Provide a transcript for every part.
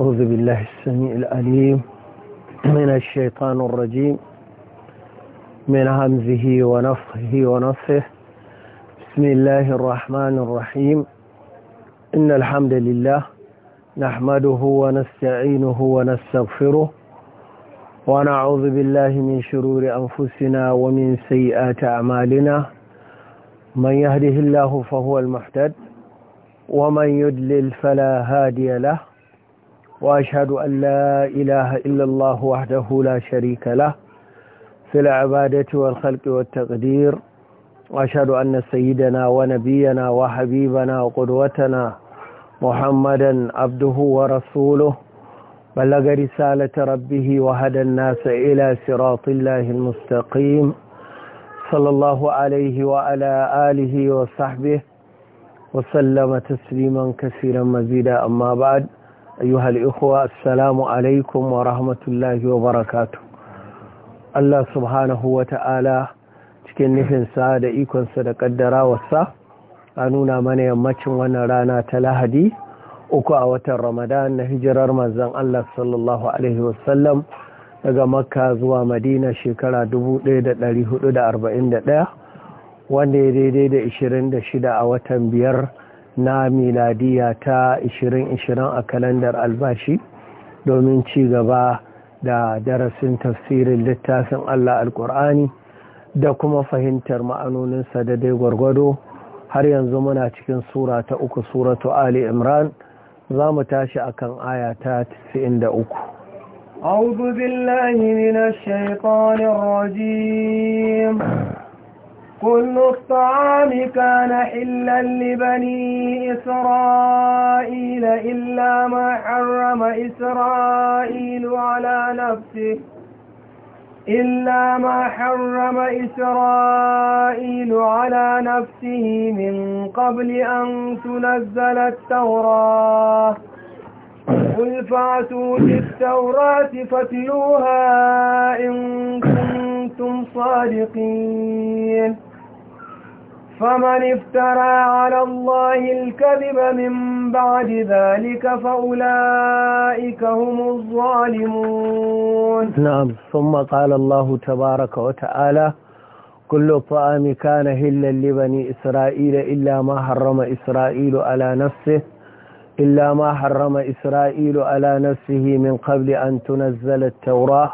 أعوذ بالله السميع العليم من الشيطان الرجيم من همزه ونفخه ونفخه بسم الله الرحمن الرحيم إن الحمد لله نحمده ونستعينه ونستغفره ونعوذ بالله من شرور أنفسنا ومن سيئات أعمالنا من يهده الله فهو المحتد ومن يدلل فلا هادي له وأشهد أن لا إله إلا الله وحده لا شريك له في العبادة والخلق والتقدير وأشهد أن سيدنا ونبينا وحبيبنا وقدوتنا محمدا عبده ورسوله بلغ رسالة ربه وهدى الناس إلى صراط الله المستقيم صلى الله عليه وعلى آله وصحبه وسلم تسليما كثيرا مزيدا أما بعد أيها الإخوة السلام عليكم ورحمة الله وبركاته الله سبحانه وتعالى cikin nufin sa da ikonsa da ƙaddarawarsa a nuna mana yammacin wannan rana ta lahadi uku a watan ramadan na hijirar manzan Allah sallallahu Alaihi wasallam daga makka zuwa madina shekara 1441 wanda ya daidai da 26 a watan biyar na miladiya ta 2020 a kalandar albashi domin ci gaba da darasin tafsirin littafin Allah alkur'ani da kuma fahimtar ma'anoninsa da dai gwargwado har yanzu muna cikin sura ta uku suratu Ali Imran za mu tashi akan aya ta 93 أعوذ بالله من الشيطان الرجيم كل الطعام كان حلا لبني إسرائيل إلا ما حرم إسرائيل على نفسه إلا ما حرم إسرائيل على نفسه من قبل أن تنزل التوراة قل فأتوا بالتوراة فاتلوها إن كنتم صادقين فمن افترى على الله الكذب من بعد ذلك فأولئك هم الظالمون نعم ثم قال الله تبارك وتعالى كل طعام كان هلا لبني إسرائيل إلا ما حرم إسرائيل على نفسه إلا ما حرم إسرائيل على نفسه من قبل أن تنزل التوراة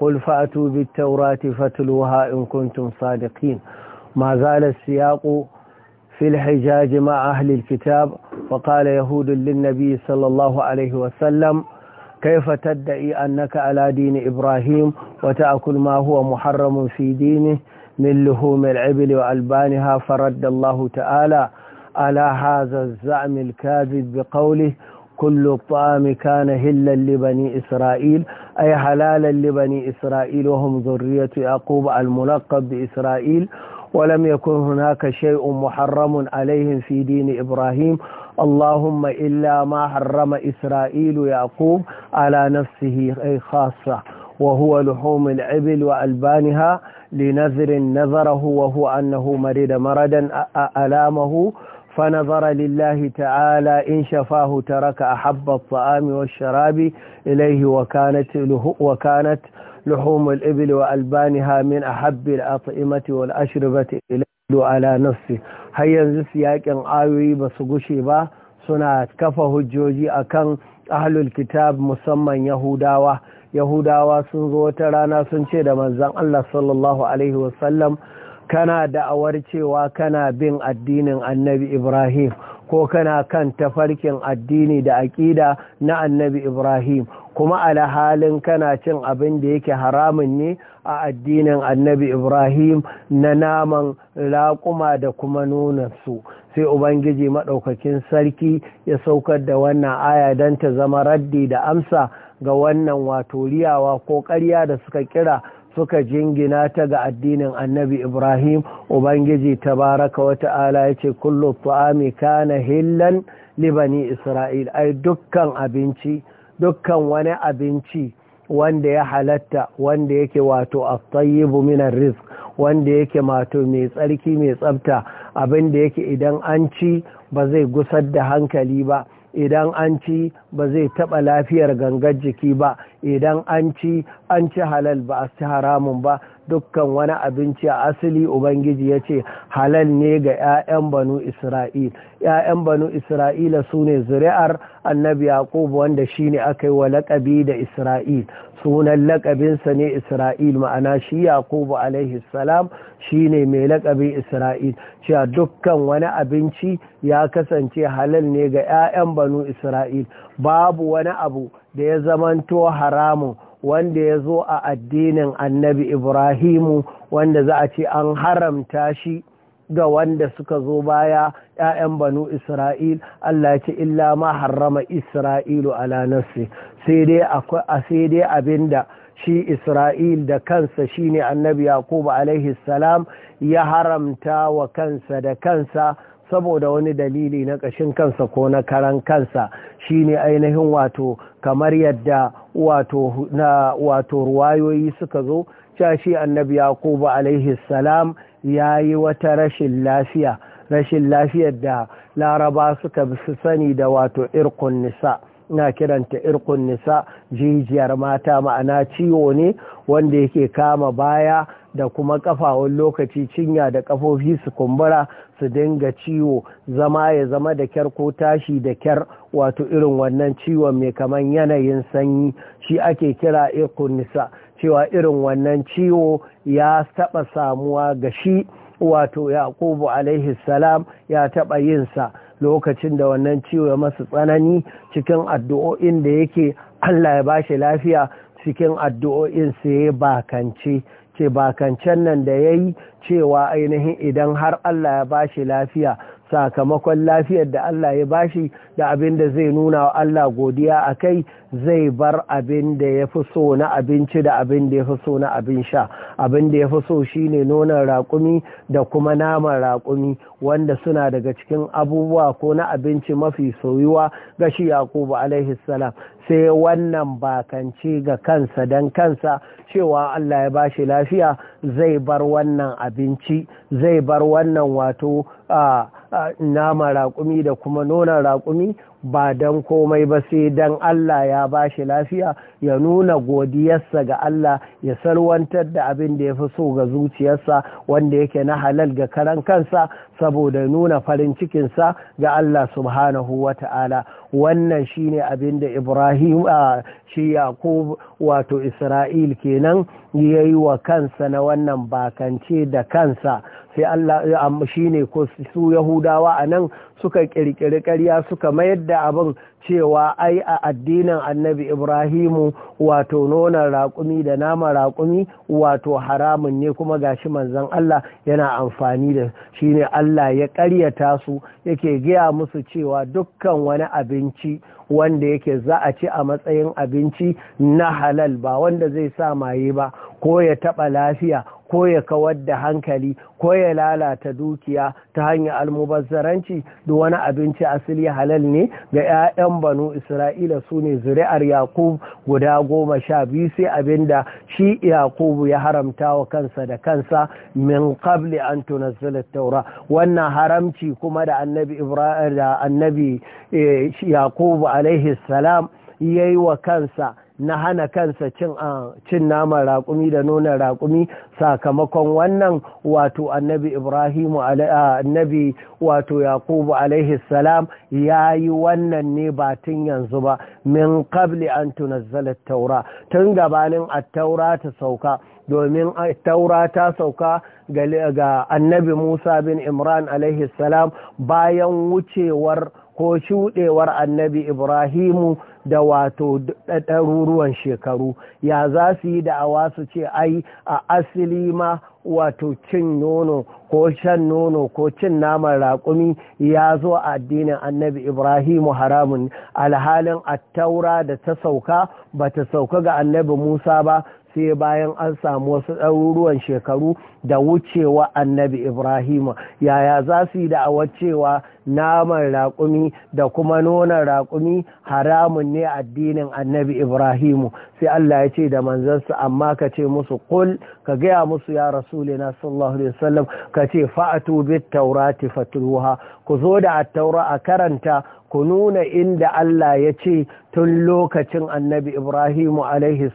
قل فأتوا بالتوراة فتلوها إن كنتم صادقين ما زال السياق في الحجاج مع أهل الكتاب وقال يهود للنبي صلى الله عليه وسلم كيف تدعي أنك على دين إبراهيم وتأكل ما هو محرم في دينه من لحوم العبل وألبانها فرد الله تعالى على هذا الزعم الكاذب بقوله كل الطعام كان هلا لبني إسرائيل أي حلالا لبني إسرائيل وهم ذرية يعقوب الملقب بإسرائيل ولم يكن هناك شيء محرم عليهم في دين إبراهيم اللهم إلا ما حرم إسرائيل يعقوب على نفسه أي خاصة وهو لحوم العبل وألبانها لنذر نذره وهو أنه مريد مردا ألامه فنظر لله تعالى إن شفاه ترك أحب الطعام والشراب إليه وكانت, وكانت لحوم الإبل وألبانها من أحب الأطئمة والأشربة إليه على نفسه هيا ayoyi ياكن آوي بسقشي با suna kafa hujjoji kan ahlul kitab musamman yahudawa yahudawa sun zo wata rana sun ce da manzan Allah sallallahu kana da'awar cewa kana bin addinin annabi ibrahim ko kana kan tafarkin addini da aƙida na annabi ibrahim kuma ala halin kana cin abin da yake haramun ne a addinin annabi ibrahim na naman laƙuma da kuma su sai ubangiji maɗaukakin sarki ya saukar da wannan aya don ta zama raddi da amsa ga wannan wato riyawa ko ƙarya da suka kira suka jingina ta ga addinin annabi ibrahim ubangiji ta tabaraka wata'ala ya ce kullu tu'ami kana hillan libani isra'il ai dukkan abinci dukkan wani abinci wanda ya halatta wanda yake wato at-tayyibu min wanda yake mato mai tsarki mai tsabta abin da yake idan an ci ba zai gusar da hankali ba idan an ci ba zai taɓa lafiyar gangar jiki ba idan an ci an ci halal ba a ci haramun ba dukkan wani abinci a asali ubangiji ya ce halal ne ga 'ya'yan banu isra'il 'ya'yan banu isra'ila su ne zuri'ar annabi Yakubu wanda shi ne aka yi wa laƙabi da isra'il sunan laƙabinsa ne isra'il ma'ana shi Yakubu alaihi salam shi ne mai laƙabin isra'il cewa dukkan wani abinci ya kasance halal ne ga 'ya'yan banu isra'il babu wani abu da ya zamanto haramun wanda ya zo a addinin annabi ibrahimu wanda za a ce an haramta shi ga wanda suka zo baya ‘ya'yan banu Isra'il, Allah ce illa ma harrama Isra'ilu ala lanarsu sai dai abin da shi Isra'il da kansa shine annabi Yakubu alaihi salam ya haramta wa kansa da kansa saboda wani dalili na ƙashin kansa ko na karan kansa shine ainihin wato kamar yadda wato ruwayoyi suka zo cashi annabi yaqubu alaihi salam yayi wata rashin lafiya rashin lafiyar da laraba suka su sani da wato irkun nisa na kiranta irkun nisa jijiyar mata ma'ana ciwo ne wanda yake kama baya da kuma kafawon lokaci cinya da kafofi su kumbura su dinga ciwo zama ya zama da kyar ko tashi da kyar wato irin wannan ciwon mai kaman yanayin sanyi shi ake kira ikunisa cewa irin wannan ciwo ya taɓa samuwa ga shi wato yakubu alaihi salam ya taɓa yinsa lokacin da wannan ciwo ya masu tsanani cikin addu'o'in da yake allah ya bashi lafiya cikin addu'o'in sai ya bakance ce bakancen nan da ya yi cewa ainihin idan har Allah ya ba shi lafiya sakamakon lafiyar da Allah ya bashi da abin da zai nuna wa Allah godiya a kai zai bar abin da ya fi so na abinci da abin da ya fi so na abin sha abin da ya fi so shi ne nonon raƙumi da kuma naman raƙumi wanda suna daga cikin abubuwa ko na abinci mafi soyuwa ga shi yakubu alaihissalam sai wannan bakanci ga kansa don kansa cewa Allah ya bashi lafiya zai bar wannan abinci zai bar wannan wato a ah, nama raƙumi da kuma nonon raƙumi ba don komai ba sai don Allah ya ba shi lafiya ya nuna godiyarsa ga Allah ya salwantar da abin da ya fi so ga zuciyarsa wanda yake na halal ga karan kansa saboda nuna farin cikinsa ga Allah subhanahu wa ta'ala wannan shi ne abin da Ibrahim a shi Yakub wato Isra'il kenan ya yi wa kansa na wannan bakance da kansa sai Allah shi ne su Yahudawa a nan suka kirkiri karya suka mayar da abin cewa ai a addinin annabi ibrahimu wato nonon raƙumi da nama raƙumi wato haramun ne kuma gashi manzon Allah yana amfani da shi ne Allah ya ƙaryata su yake gaya musu cewa dukkan wani abinci wanda yake za a ci a matsayin abinci na halal ba wanda zai sa maye ba ko ya taɓa lafiya ko ya kawar da hankali ko ya lalata dukiya ta hanyar almubazzaranci da wani abinci asali halal ne ga 'ya'yan banu isra'ila su ne zuri'ar yakub guda goma sha biyu sai abin da shi yakubu ya haramta wa kansa da kansa min qabli an tunazzila taura wannan haramci kuma da annabi ibrahim da annabi eh, yakubu alaihi salam yayi wa kansa na hana kansa cin naman raƙumi da nuna raƙumi sakamakon wannan wato annabi ibrahimu annabi wato Yakubu alaihi salam ya yi wannan ne ba tun yanzu ba min qabli an tunazzala taura tun gabanin a taura ta sauka domin taura ta sauka ga annabi musa bin imran alaihi salam bayan wucewar ko shuɗewar annabi ibrahimu da wato ɗaruruwan shekaru ya za su yi da'awa su ce ai a asili ma wato cin nono ko shan nono ko cin naman raƙumi ya zo a addinin annabi ibrahimu haramun alhalin attaura da ta sauka ba ta sauka ga annabi musa ba sai bayan an samu wasu ɗaruruwan shekaru da wucewa annabi Ibrahimu. yaya za su yi da'awar cewa naman raƙumi da kuma nonon raƙumi haramun ne addinin annabi ibrahimu sai allah ya ce da manzansa amma ka ce musu kul ka gaya musu ya na sallallahu alaihi wasallam ka ce fa'atu bit taurati fatruha ku zo da attaura a karanta ku nuna inda Allah ya ce tun lokacin annabi Ibrahimu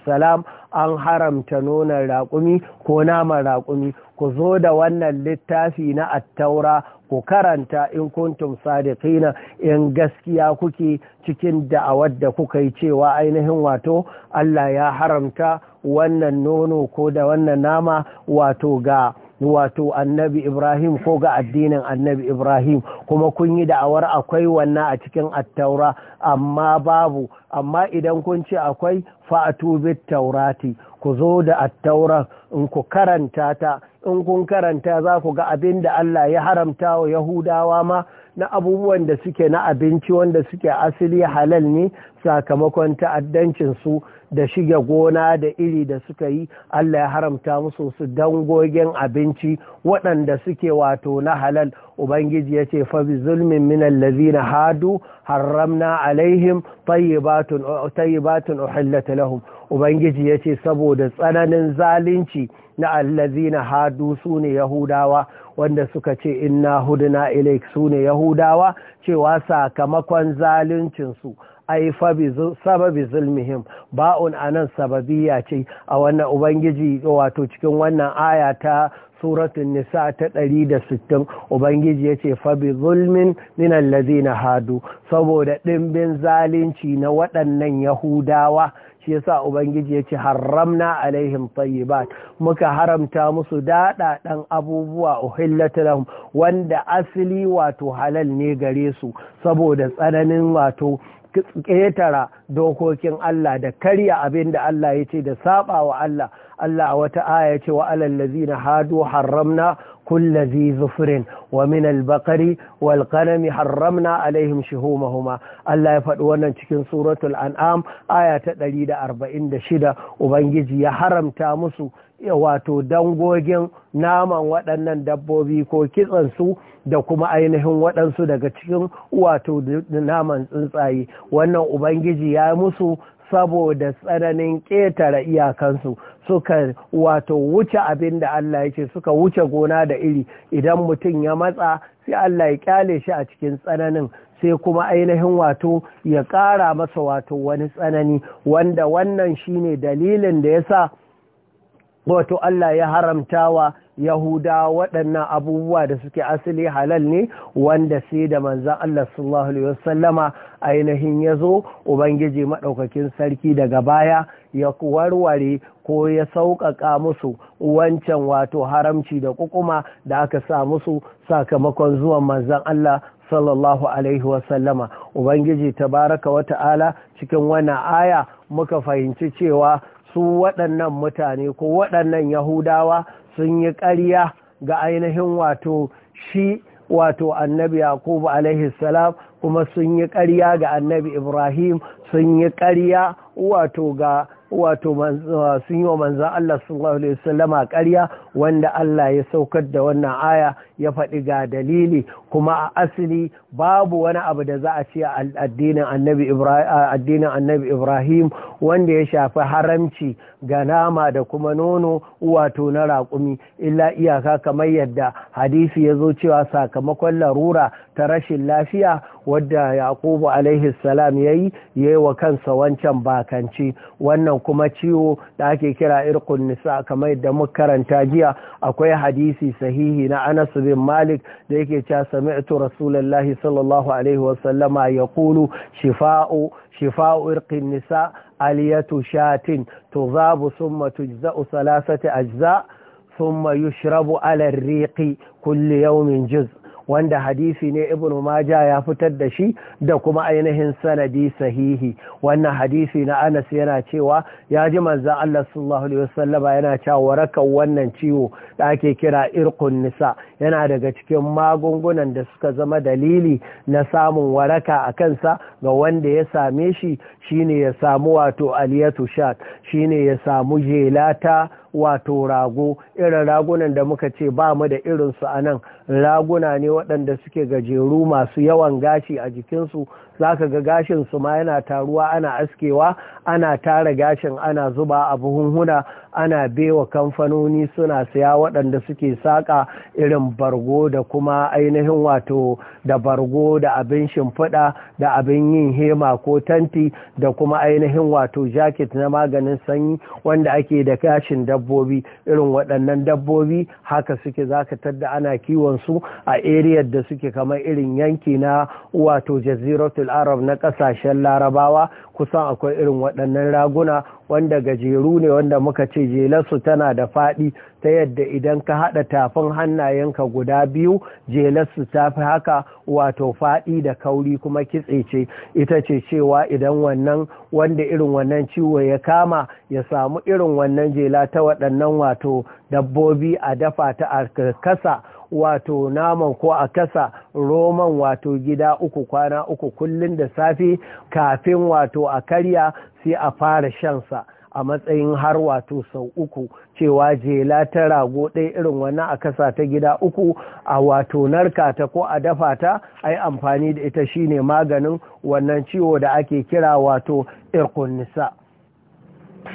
salam an haramta nuna raƙumi ko nama raƙumi ku zo da wannan littafi na attaura ku karanta in kuntum sadiqina in gaskiya kuke cikin da'awar da kuka yi cewa ainihin wato Allah ya haramta wannan nono ko da wannan nama wato ga wato annabi Ibrahim ko ga addinin annabi Ibrahim kuma kun yi da'awar akwai wannan a cikin attaura amma babu amma idan kun ce akwai fa'atu bit taurati ku zo da attaura in ku karanta ta in kun karanta za ku ga abin da Allah ya haramta wa Yahudawa ma na abubuwan da suke na abinci wanda suke asili halal ne sakamakon ta'addancin su da shige gona da iri da suka yi Allah ya haramta musu su dangogen abinci waɗanda suke wato na halal ubangiji ya ce fabi zulmin minan lazina hadu haramna alaihim tayyibatun uhillata lahum ubangiji ya ce saboda tsananin zalunci na allazina hadu su ne yahudawa wanda suka ce inna huduna ilaik su ne yahudawa cewa sakamakon zaluncinsu ai sababi zulmihim ba'un anan sababiya ce a wannan ubangiji wato cikin wannan aya ta suratun nisa ta ɗari da sittin, ubangiji ya ce fabi zulmin zai na hadu saboda ɗimbin zalunci na waɗannan yahudawa shi yasa ubangiji ya ce haramna alaihim tayyibat muka haramta musu daɗaɗan abubuwa uhillatu lahum wanda asali wato halal ne gare su saboda tsananin wato ƙetara dokokin Allah da karya abin da Allah ya ce da saba wa Allah Allah a wata aya ce wa alal ladzina hadu harramna kulli zufrin wa min al wal ghanami harramna alaihim shuhumahuma Allah ya faɗi wannan cikin suratul an'am aya ta 146 ubangiji ya haramta musu wato dangogin naman waɗannan dabbobi ko su da kuma ainihin waɗansu daga cikin wato naman tsuntsaye wannan ubangiji ya musu saboda tsananin ƙetare iyakansu suka wato wuce abin da Allah yake suka wuce gona da iri idan mutum ya matsa sai Allah ya kyale shi a cikin tsananin sai kuma ainihin wato ya ƙara masa wato wani tsanani wanda wannan shine dalilin da ya sa wato Allah ya haramtawa yahuda waɗannan abubuwa da suke asali halal ne wanda sai da manzan Allah sallallahu alaihi wasallama ainihin ya zo ubangiji maɗaukakin sarki daga baya ya warware ko ya sauƙaƙa musu wancan wato haramci da kukuma da aka sa musu sakamakon zuwan manzan Allah sallallahu alaihi wasallama ubangiji tabaraka wa ta'ala, cikin wani aya muka fahimci cewa su waɗannan mutane ko waɗannan yahudawa sun yi ƙarya ga ainihin wato shi wato annabi yakubu alaihi salam kuma sun yi ƙarya ga annabi ibrahim sun yi ƙarya wato ga wato sun yi wa manzan Allah sallallahu alaihi wasallama ƙarya wanda Allah ya saukar da wannan aya ya faɗi ga dalili kuma a asali babu wani abu da za a ce addinin annabi Ibrahim wanda ya shafi haramci ga nama da kuma nono wato na raƙumi illa iyaka kamar yadda hadisi ya zo cewa sakamakon larura ta rashin lafiya wadda yaqubu ya yi, ya yi wa kansa wancan bakanci wannan kuma ciwo da ake kira Irkun nisa kamar yadda muka karanta jiya tarayya akwai hadisi sahihi na Anas bin Malik da yake cewa sami'tu Rasulullahi sallallahu alaihi wasallama yaqulu shifa'u shifa'u irqin nisa aliyatu shatin tuzabu thumma tujza'u thalathati ajza' thumma yushrabu ala ar-riqi kulli yawmin juz' wanda hadisi ne ibn maja ya fitar da shi da kuma ainihin sanadi sahihi wannan hadisi na anas yana cewa ya ji manzan allah sallallahu alaihi wasallama yana cewa warakan wannan ciwo da ake kira irkun nisa yana daga cikin magungunan da suka zama dalili na samun waraka a kansa ga wanda ya same shi shine ya samu wato aliyatu shat shine ya samu jelata wato rago irin ragunan da muka ce ba mu da irinsu a nan raguna ne waɗanda suke gajeru masu yawan gashi a jikinsu za ka ga gashinsu ma yana taruwa ana askewa ana tara gashin ana zuba a buhunhuna ana bewa kamfanoni suna siya waɗanda suke saƙa irin bargo da kuma ainihin wato da bargo da abin shimfiɗa da abin yin hema ko tanti da kuma ainihin wato jaket na maganin sanyi wanda ake da kashin dabbobi irin waɗannan dabbobi haka suke zaka da ana kiwon su a eriyar da suke kamar irin yanki na wato jaziratul arab na ƙasashen larabawa kusan akwai irin waɗannan raguna wanda gajeru ne wanda muka ce jelarsu tana da faɗi ta yadda idan ka haɗa tafin hannayenka guda biyu jelarsu ta fi haka wato faɗi da kauri kuma kitse ce ita ce cewa idan wannan wanda irin wannan ciwo ya kama ya samu irin wannan jela ta waɗannan wato dabbobi a dafa ta a kasa wato naman ko a kasa roman wato gida uku kwana uku kullum da safe kafin wato a karya sai a fara shansa a matsayin har wato sau uku cewa jela ta rago ɗaya irin wannan a kasa ta gida uku a wato narka ta ko a dafa ta a amfani da ita shine maganin wannan ciwo da ake kira wato irkun nisa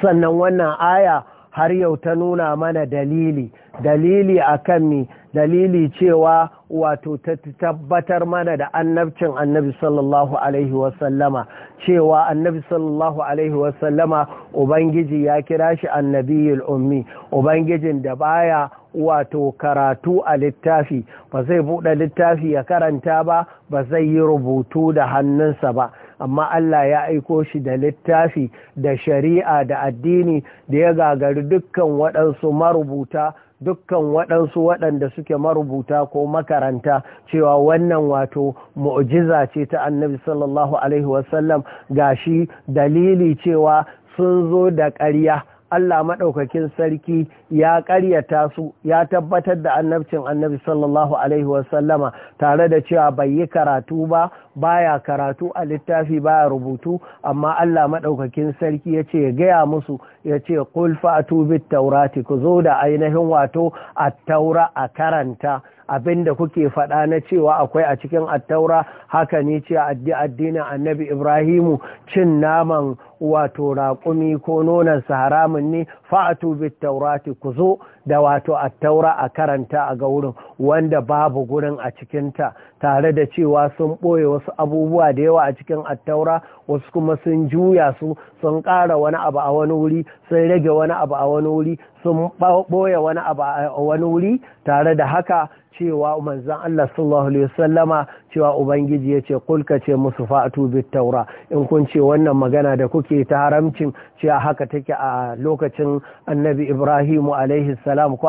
sannan wannan aya har yau ta nuna mana dalili dalili a kan mi dalili cewa wato ta tabbatar mana da annabcin annabi sallallahu alaihi wasallama cewa annabi sallallahu alaihi wasallama ubangiji ya kira shi annabiyul ummi ubangijin da baya wato karatu a littafi ba zai buɗe littafi ya karanta ba ba zai yi rubutu da hannunsa ba amma Allah ya aiko shi da littafi da shari'a da addini da ya gagari dukkan waɗansu marubuta dukkan waɗansu waɗanda suke marubuta ko makaranta cewa wannan wato mu'jiza ce ta annabi sallallahu alaihi wasallam gashi dalili cewa sun zo da ƙarya Allah maɗaukakin sarki ya karyata su ya tabbatar da annabcin annabi sallallahu alaihi wasallama tare da cewa bai yi karatu ba baya karatu a littafi baya rubutu amma Allah maɗaukakin sarki ya ce gaya musu ya ce qul fa'tu bit taurati ku zo da ainihin wato Attaura a karanta Abin da kuke faɗa na cewa akwai a cikin attaura haka ne ce addinin annabi ibrahimu cin naman wato raƙumi ko nonon haramun ne فأتوا بالتوراة كذو da wato attaura a karanta a ga wurin wanda babu gurin a cikinta tare da cewa sun ɓoye wasu abubuwa da yawa a cikin attaura wasu kuma sun juya su sun ƙara wani abu a wani wuri sun rage wani abu a wani wuri sun ɓoye wani abu a wani wuri tare da haka cewa manzan Allah sallallahu Alaihi wasallama cewa Ubangiji yace, ce kulka ce musu fa'atu bit taura in kun ce wannan magana da kuke ta haramcin cewa haka take a lokacin annabi Ibrahimu alaihi salam ko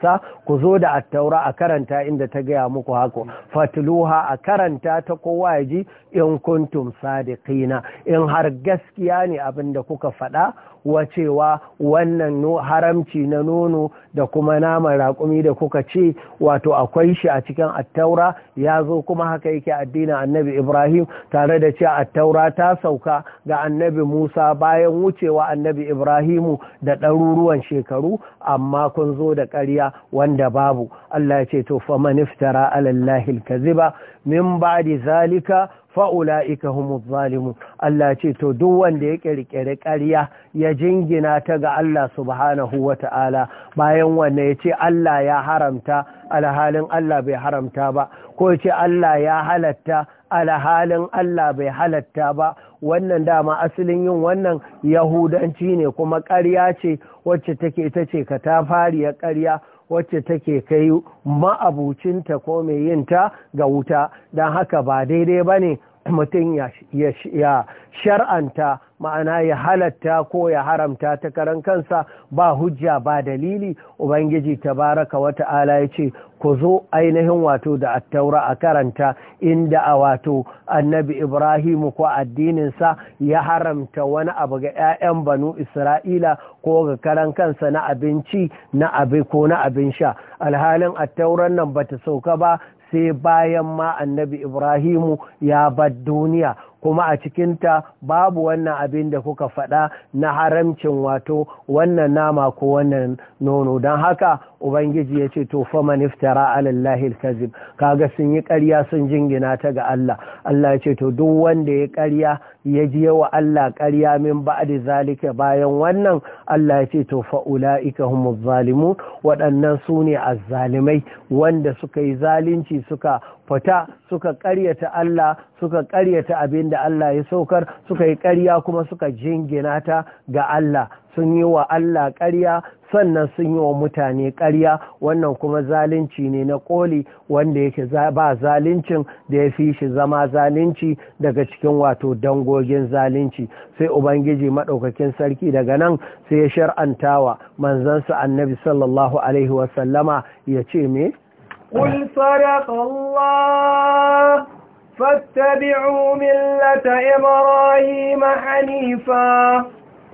sa ku zo da attaura a karanta inda ta gaya muku hako fatluha a karanta ta kowa ya in kuntum sadiqina in har gaskiya ne abin da kuka faɗa wacewa wannan haramci na nono da kuma naman raƙumi da kuka ce wato akwai shi a cikin attaura ya zo kuma haka yake addinin annabi ibrahim tare da cewa attaura ta sauka ga annabi musa bayan wucewa annabi ibrahimu da ɗaruruwan shekaru amma kun zo da ƙarya wanda babu Allah ya ce to fa maniftara iftara alkaziba min ba'di zalika fa ulaika humuz zalimun Allah ya ce to duk wanda ya kirkire ƙarya ya jingina ta ga Allah subhanahu wata'ala bayan wannan ya ce Allah ya haramta alhalin Allah bai haramta ba ko ya ce Allah ya halatta alhalin Allah bai halatta ba wannan dama asalin yin wannan yahudanci ne kuma ƙarya ce wacce take ita ce ka ta fari ya ƙarya wacce take kai ma'abucinta ko mai yinta ga wuta don haka ba daidai ba ne mutum ya shar'anta ma'ana ya halatta ko ya haramta ta karan kansa ba hujja ba dalili ubangiji tabaraka wata'ala ya ce ku zo ainihin wato da attaura a karanta inda a wato annabi ibrahim ko addininsa ya haramta wani abu ga 'ya'yan banu isra'ila ko ga karan kansa na abinci na abin ko na abin sha alhalin attauran nan bata sauka ba sai bayan ma annabi ibrahimu ya bar duniya kuma a cikinta babu wannan abin da kuka faɗa na haramcin wato wannan nama ko wannan nono don haka ubangiji ya ce to fa man iftara alallahi alkazib kaga sun yi ƙarya sun jingina ta ga Allah Allah ya ce to duk wanda ya ƙarya ya ji wa Allah ƙarya min ba'di zalika bayan wannan Allah ya ce to fa ulaika humuz zalimun waɗannan su ne azzalimai wanda suka yi zalunci suka Fata suka ƙaryata Allah suka ƙaryata abin da Allah ya saukar suka yi karya kuma suka jingina ta ga Allah sun yi wa Allah karya sannan sun yi wa mutane karya wannan kuma zalunci ne na koli wanda yake ba zaluncin da ya fi shi zama zalunci daga cikin wato dangogin zalunci sai ubangiji maɗaukakin sarki daga nan sai ya shar'antawa manzansa annabi sallallahu alaihi wasallama ya ce me قل صدق الله فاتبعوا ملة إبراهيم حنيفا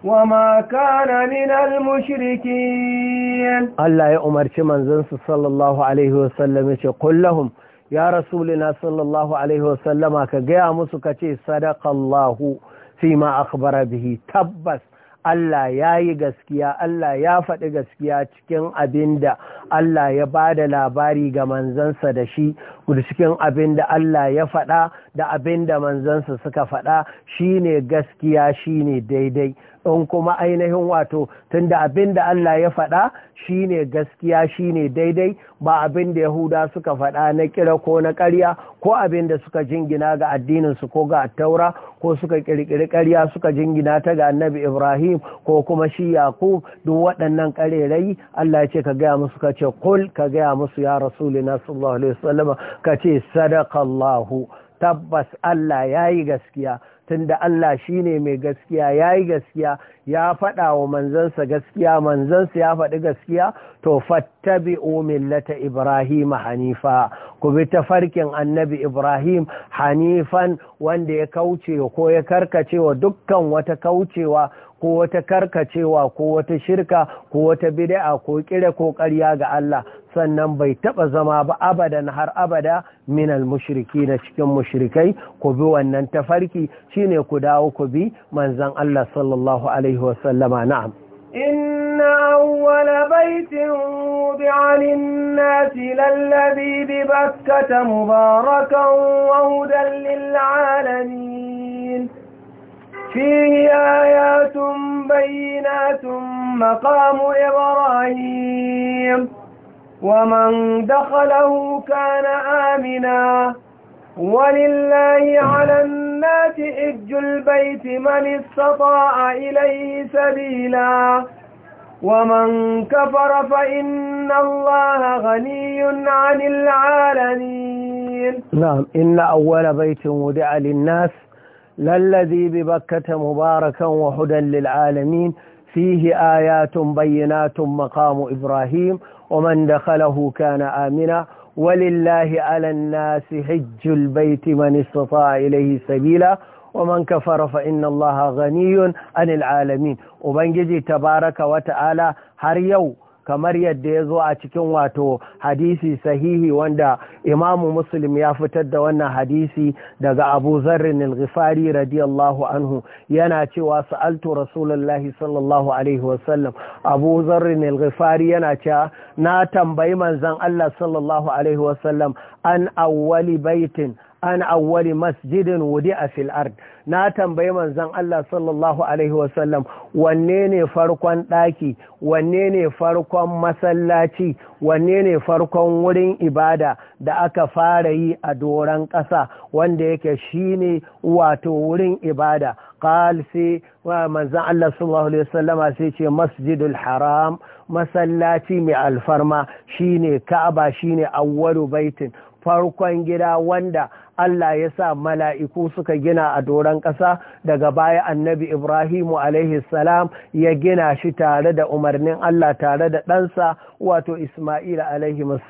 وما كان من المشركين الله يا أمر كمان زنس صلى الله عليه وسلم قل لهم يا رسولنا صلى الله عليه وسلم كجاء مسكتي صدق الله فيما أخبر به تبس Allah ya yi gaskiya, Allah ya faɗi gaskiya cikin abin da Allah ya ba da labari ga manzansa da shi, cikin abin da Allah ya faɗa da abin da manzansa suka faɗa shine gaskiya shine daidai in kuma ainihin wato tunda abin da Allah ya faɗa shine gaskiya shine daidai ba abin da Yahuda suka faɗa na kira ko na ƙarya ko abin da suka jingina ga addininsu ko ga taura ko suka ƙirƙiri ƙarya suka jingina ta ga annabi Ibrahim ko kuma shi yaku duk waɗannan ƙarerai Allah ya ce ka gaya musu ka ce kul ka gaya musu ya rasulina sallallahu alaihi wasallam ka ce sadakallahu tabbas Allah ya yi gaskiya tunda Allah shi ne mai gaskiya ya yi gaskiya ya faɗa wa manzansa gaskiya manzansa ya faɗi gaskiya to fattabi millata Ibrahim hanifa ku bi ta farkin annabi Ibrahim hanifan wanda ya kauce ko ya karkacewa dukkan wata kaucewa ko wata karkacewa ko wata shirka ko wata bid'a ko kire ko ƙarya ga Allah sannan bai taba zama ba abadan har abada min almushriki na cikin mushrikai ku bi wannan tafarki shine ku dawo ku bi manzon Allah sallallahu alaihi wasallama na'am إن أول بيت وضع للناس للذي ببكة مباركا وهدى للعالمين فيه آيات بينات مقام إبراهيم ومن دخله كان آمنا ولله على الناس إج البيت من استطاع إليه سبيلا ومن كفر فإن الله غني عن العالمين نعم إن أول بيت ودع للناس للذي ببكة مباركا وهدى للعالمين فيه آيات بينات مقام إبراهيم ومن دخله كان آمنا ولله على الناس حج البيت من استطاع إليه سبيلا ومن كفر فإن الله غني عن العالمين وبنجي تبارك وتعالى هر kamar yadda ya zo a cikin wato hadisi sahihi wanda imamu muslim ya fitar da wannan hadisi daga abu zarrin al radiyallahu anhu yana cewa sa'altu rasulullahi sallallahu alaihi wasallam abu zarrin al yana cewa na tambayi manzon Allah sallallahu alaihi wasallam an awwali baitin an awwali masjidin wudi a ard na tambayi manzan Allah sallallahu alaihi wasallam wanne ne farkon ɗaki? wanne ne farkon masallaci wanne ne farkon wurin ibada da aka fara yi a doron ƙasa wanda yake shine wato wurin ibada qal sai manzon Allah sallallahu alaihi sai ce masjidul haram masallaci mai alfarma shine ka'aba shine awwalu baitin farkon gida wanda Allah ya sa mala'iku suka gina a doron ƙasa daga baya annabi Ibrahimu salam ya gina shi tare da umarnin Allah tare da ɗansa wato Ismail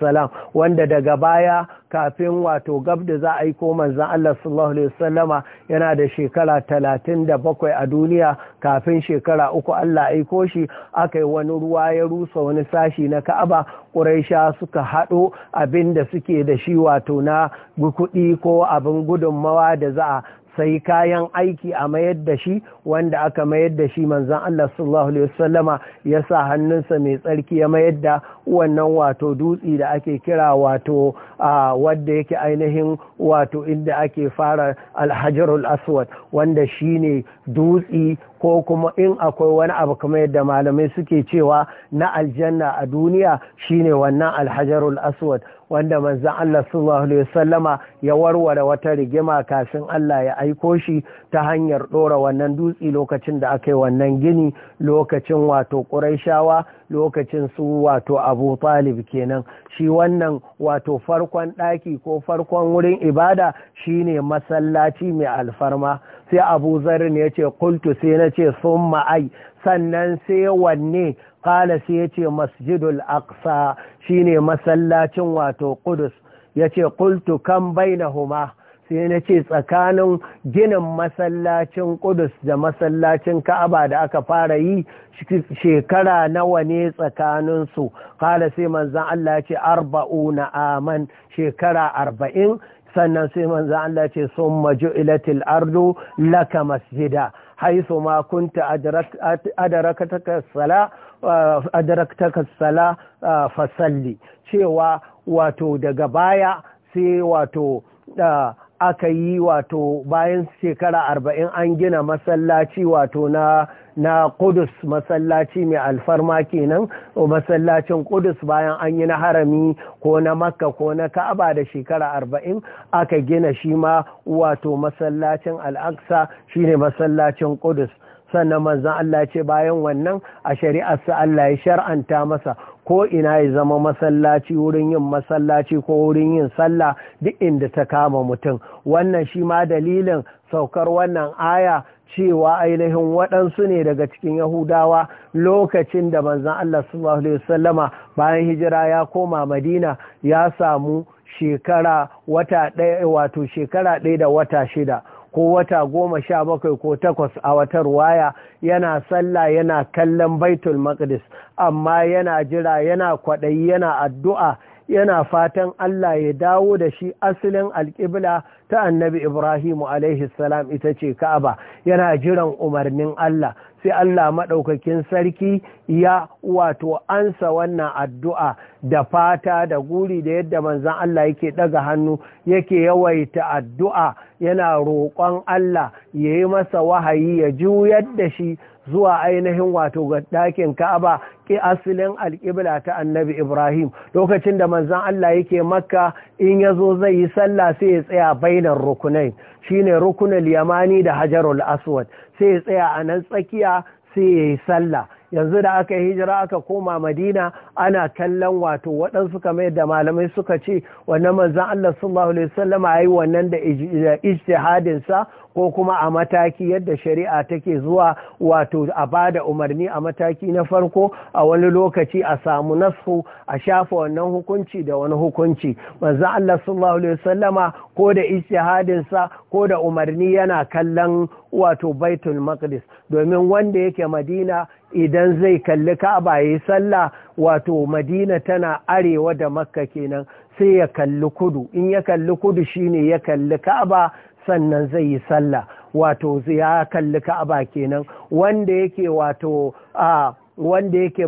salam wanda daga baya kafin wato gab da za a yi ko manzan Allah sallallahu Alaihi wasallama yana da shekara talatin da bakwai a duniya kafin shekara uku Allah aiko shi aka yi wani ruwa ya rusa wani sashi na ka'aba ƙuraisha suka haɗo abinda suke da shi wato na kuɗi ko abin gudunmawa da za a sai kayan aiki a mayar da shi wanda aka mayar da shi manzan Allah sallallahu Alaihi wasallama ya sa hannunsa mai tsarki ya mayar da wannan wato dutsi da ake kira wato a wadda yake ainihin wato inda ake fara alhajarul aswad wanda shi ne dutsi ko kuma in akwai wani abu kamar yadda malamai suke cewa na aljanna a duniya shine wannan alhajarul aswad wanda manzan Allah sallallahu Alaihi wasallama ya warware wata rigima kafin Allah ya aiko shi ta hanyar ɗora wannan dutse lokacin da aka yi wannan gini lokacin wato ƙuraishawa lokacin su wato abu talib kenan shi wannan wato farkon ɗaki ko farkon wurin ibada shine masallaci mai alfarma sai abu zarin ya ce kultu sai nace ce sun ma'ai sannan sai wanne kala sai ya ce masjidul aqsa shine masallacin wato kudus ya ce kultu kan huma sai na ce tsakanin ginin masallacin kudus da masallacin ka'aba da aka fara yi shekara nawa ne tsakaninsu kala sai manzan Allah ce arba'u na aman shekara arba'in sannan sai manzan Allah ce sun maju ilatil ardu laka masjida haisu ma kunta adarakataka sala fasalli cewa wato daga baya sai wato aka yi wato bayan shekara arba'in an gina masallaci wato na na Kudus masallaci mai alfarma kenan masallacin Kudus bayan an yi na harami ko na Makka ko na Ka'aba da shekara arba'in aka gina shi ma wato masallacin al shine masallacin Kudus sannan manzan Allah ce bayan wannan a shari'ar shari'arsa Allah ya shar'anta masa ko ina ya zama masallaci wurin yin masallaci ko wurin yin sallah duk inda ta kama mutum wannan shi ma dalilin saukar wannan aya cewa ainihin waɗansu ne daga cikin yahudawa lokacin da manzan Allah sallallahu Alaihi wasallama bayan hijira ya koma madina ya samu shekara wata ɗaya wato shekara ɗaya da wata shida ko wata goma sha bakwai ko takwas a watar waya yana sallah yana kallon baitul maqdis amma yana jira yana kwaɗayi yana addu'a yana fatan Allah ya dawo da shi asalin alƙibla ta annabi Ibrahimu alaihi salam ita ce Ka'aba yana jiran umarnin Allah sai Allah maɗaukakin sarki ya wato ansa wannan addu'a da fata da guri da yadda manzan Allah yake ɗaga hannu yake yawaita addu'a yana roƙon Allah ya yi masa wahayi ya juyar da shi zuwa ainihin wato ga ɗakin Ka'aba ki asalin alƙibla ta Annabi Ibrahim lokacin da manzon Allah yake Makka in ya zo zai yi sallah sai ya tsaya bainar rukunai shine rukunin yamani da hajarul aswad sai ya tsaya a nan tsakiya sai ya yi sallah yanzu da aka hijira aka koma madina ana kallon wato waɗansu kamar yadda malamai suka ce wannan manzan Allah sallallahu alaihi wasallama yayi wannan da ijtihadin sa ko kuma a mataki yadda shari'a take zuwa wato a bada umarni a mataki na farko a wani lokaci a samu nasu a shafa wannan hukunci da wani hukunci manzo Allah sallallahu alaihi wasallama ko da ijtihadin sa ko da umarni yana kallon wato Baitul Maqdis domin wanda yake Madina idan zai kalli Ka'aba yi sallah wato Madina tana arewa da Makka kenan sai ya kalli kudu in ya kalli kudu shine ya kalli Ka'aba sannan zai yi sallah wato ya kalli ka'aba kenan wanda yake wato wanda yake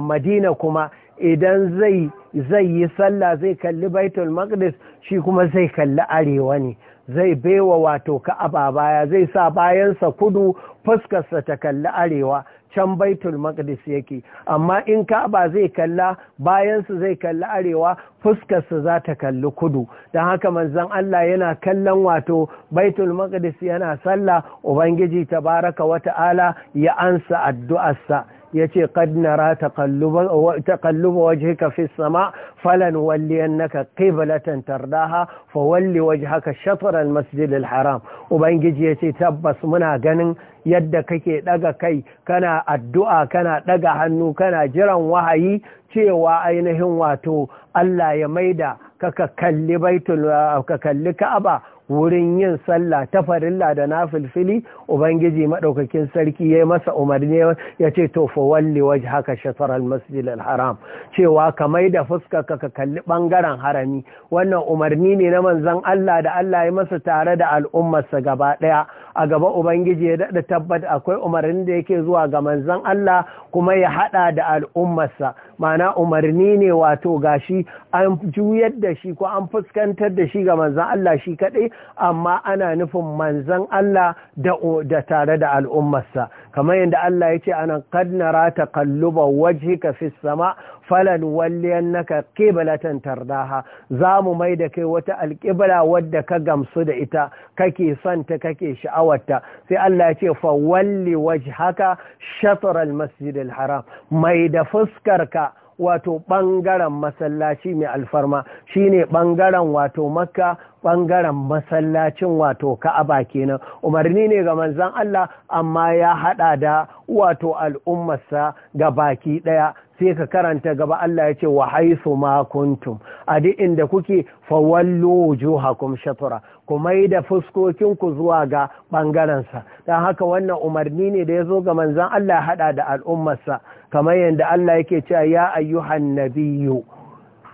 madina kuma idan zai zai yi sallah zai kalli baitul maqdis shi kuma zai kalli arewa ne zai baiwa wato ka'aba baya zai sa bayansa kudu fuskarsa ta kalli arewa can baitul maqdis yake amma in ka'aba zai kalla bayan su zai kalla arewa fuskar su za ta kalli kudu don haka manzon Allah yana kallon wato baitul maqdis yana sallah ubangiji tabaraka wata'ala ya ansa addu'arsa ya ce ƙadnara kalluba waje ka fi sama falan walliyan naka ƙibalatan tardaha fa walli waje haka shafarar masjidil haram ubangiji ya ce tabbas muna ganin yadda kake ɗaga kai kana addu'a kana ɗaga hannu kana jiran wahayi cewa ainihin wato Allah ya maida ka kalli baitul ka kalli ka'aba wurin yin sallah ta farilla da na filfili ubangiji maɗaukakin sarki ya masa umarni ya ce to fa walli waje haka shatar almasjid haram cewa ka mai da fuska ka ka kalli ɓangaren harami wannan umarni ne na manzon Allah da Allah ya masa tare da al'ummarsa gaba ɗaya a gaba ubangiji ya daɗa tabbata akwai umarnin da yake zuwa ga manzon Allah kuma ya haɗa da al'ummarsa ma'ana umarni ne wato gashi an juyar da shi ko an fuskantar da shi ga manzan Allah shi kaɗai amma ana nufin manzan Allah da tare da al'ummarsa kamar yadda Allah ya ce ana kad nara taqalluba wajhika fis sama falan walliyan naka kibalatan tardaha za mu mai da kai wata alƙibla wadda ka gamsu da ita kake son ta kake sha'awarta sai Allah ce fa walli wajhaka shatr al-masjid al-haram mai da fuskarka wato ɓangaren masallaci mai alfarma shine ɓangaren wato makka ɓangaren masallacin wato ka'aba kenan umarni ne ga manzan Allah amma ya haɗa da wato al'ummarsa ga baki ɗaya sai ka karanta gaba Allah ya ce wa haisu ma kuntum a duk inda kuke fawallo wujuhakum shatura ku mai da fuskokinku zuwa ga ɓangarensa don haka wannan umarni ne da ya zo ga manzan Allah haɗa da al'ummarsa kamar yadda Allah yake cewa ya ayyuhan Nabiyu.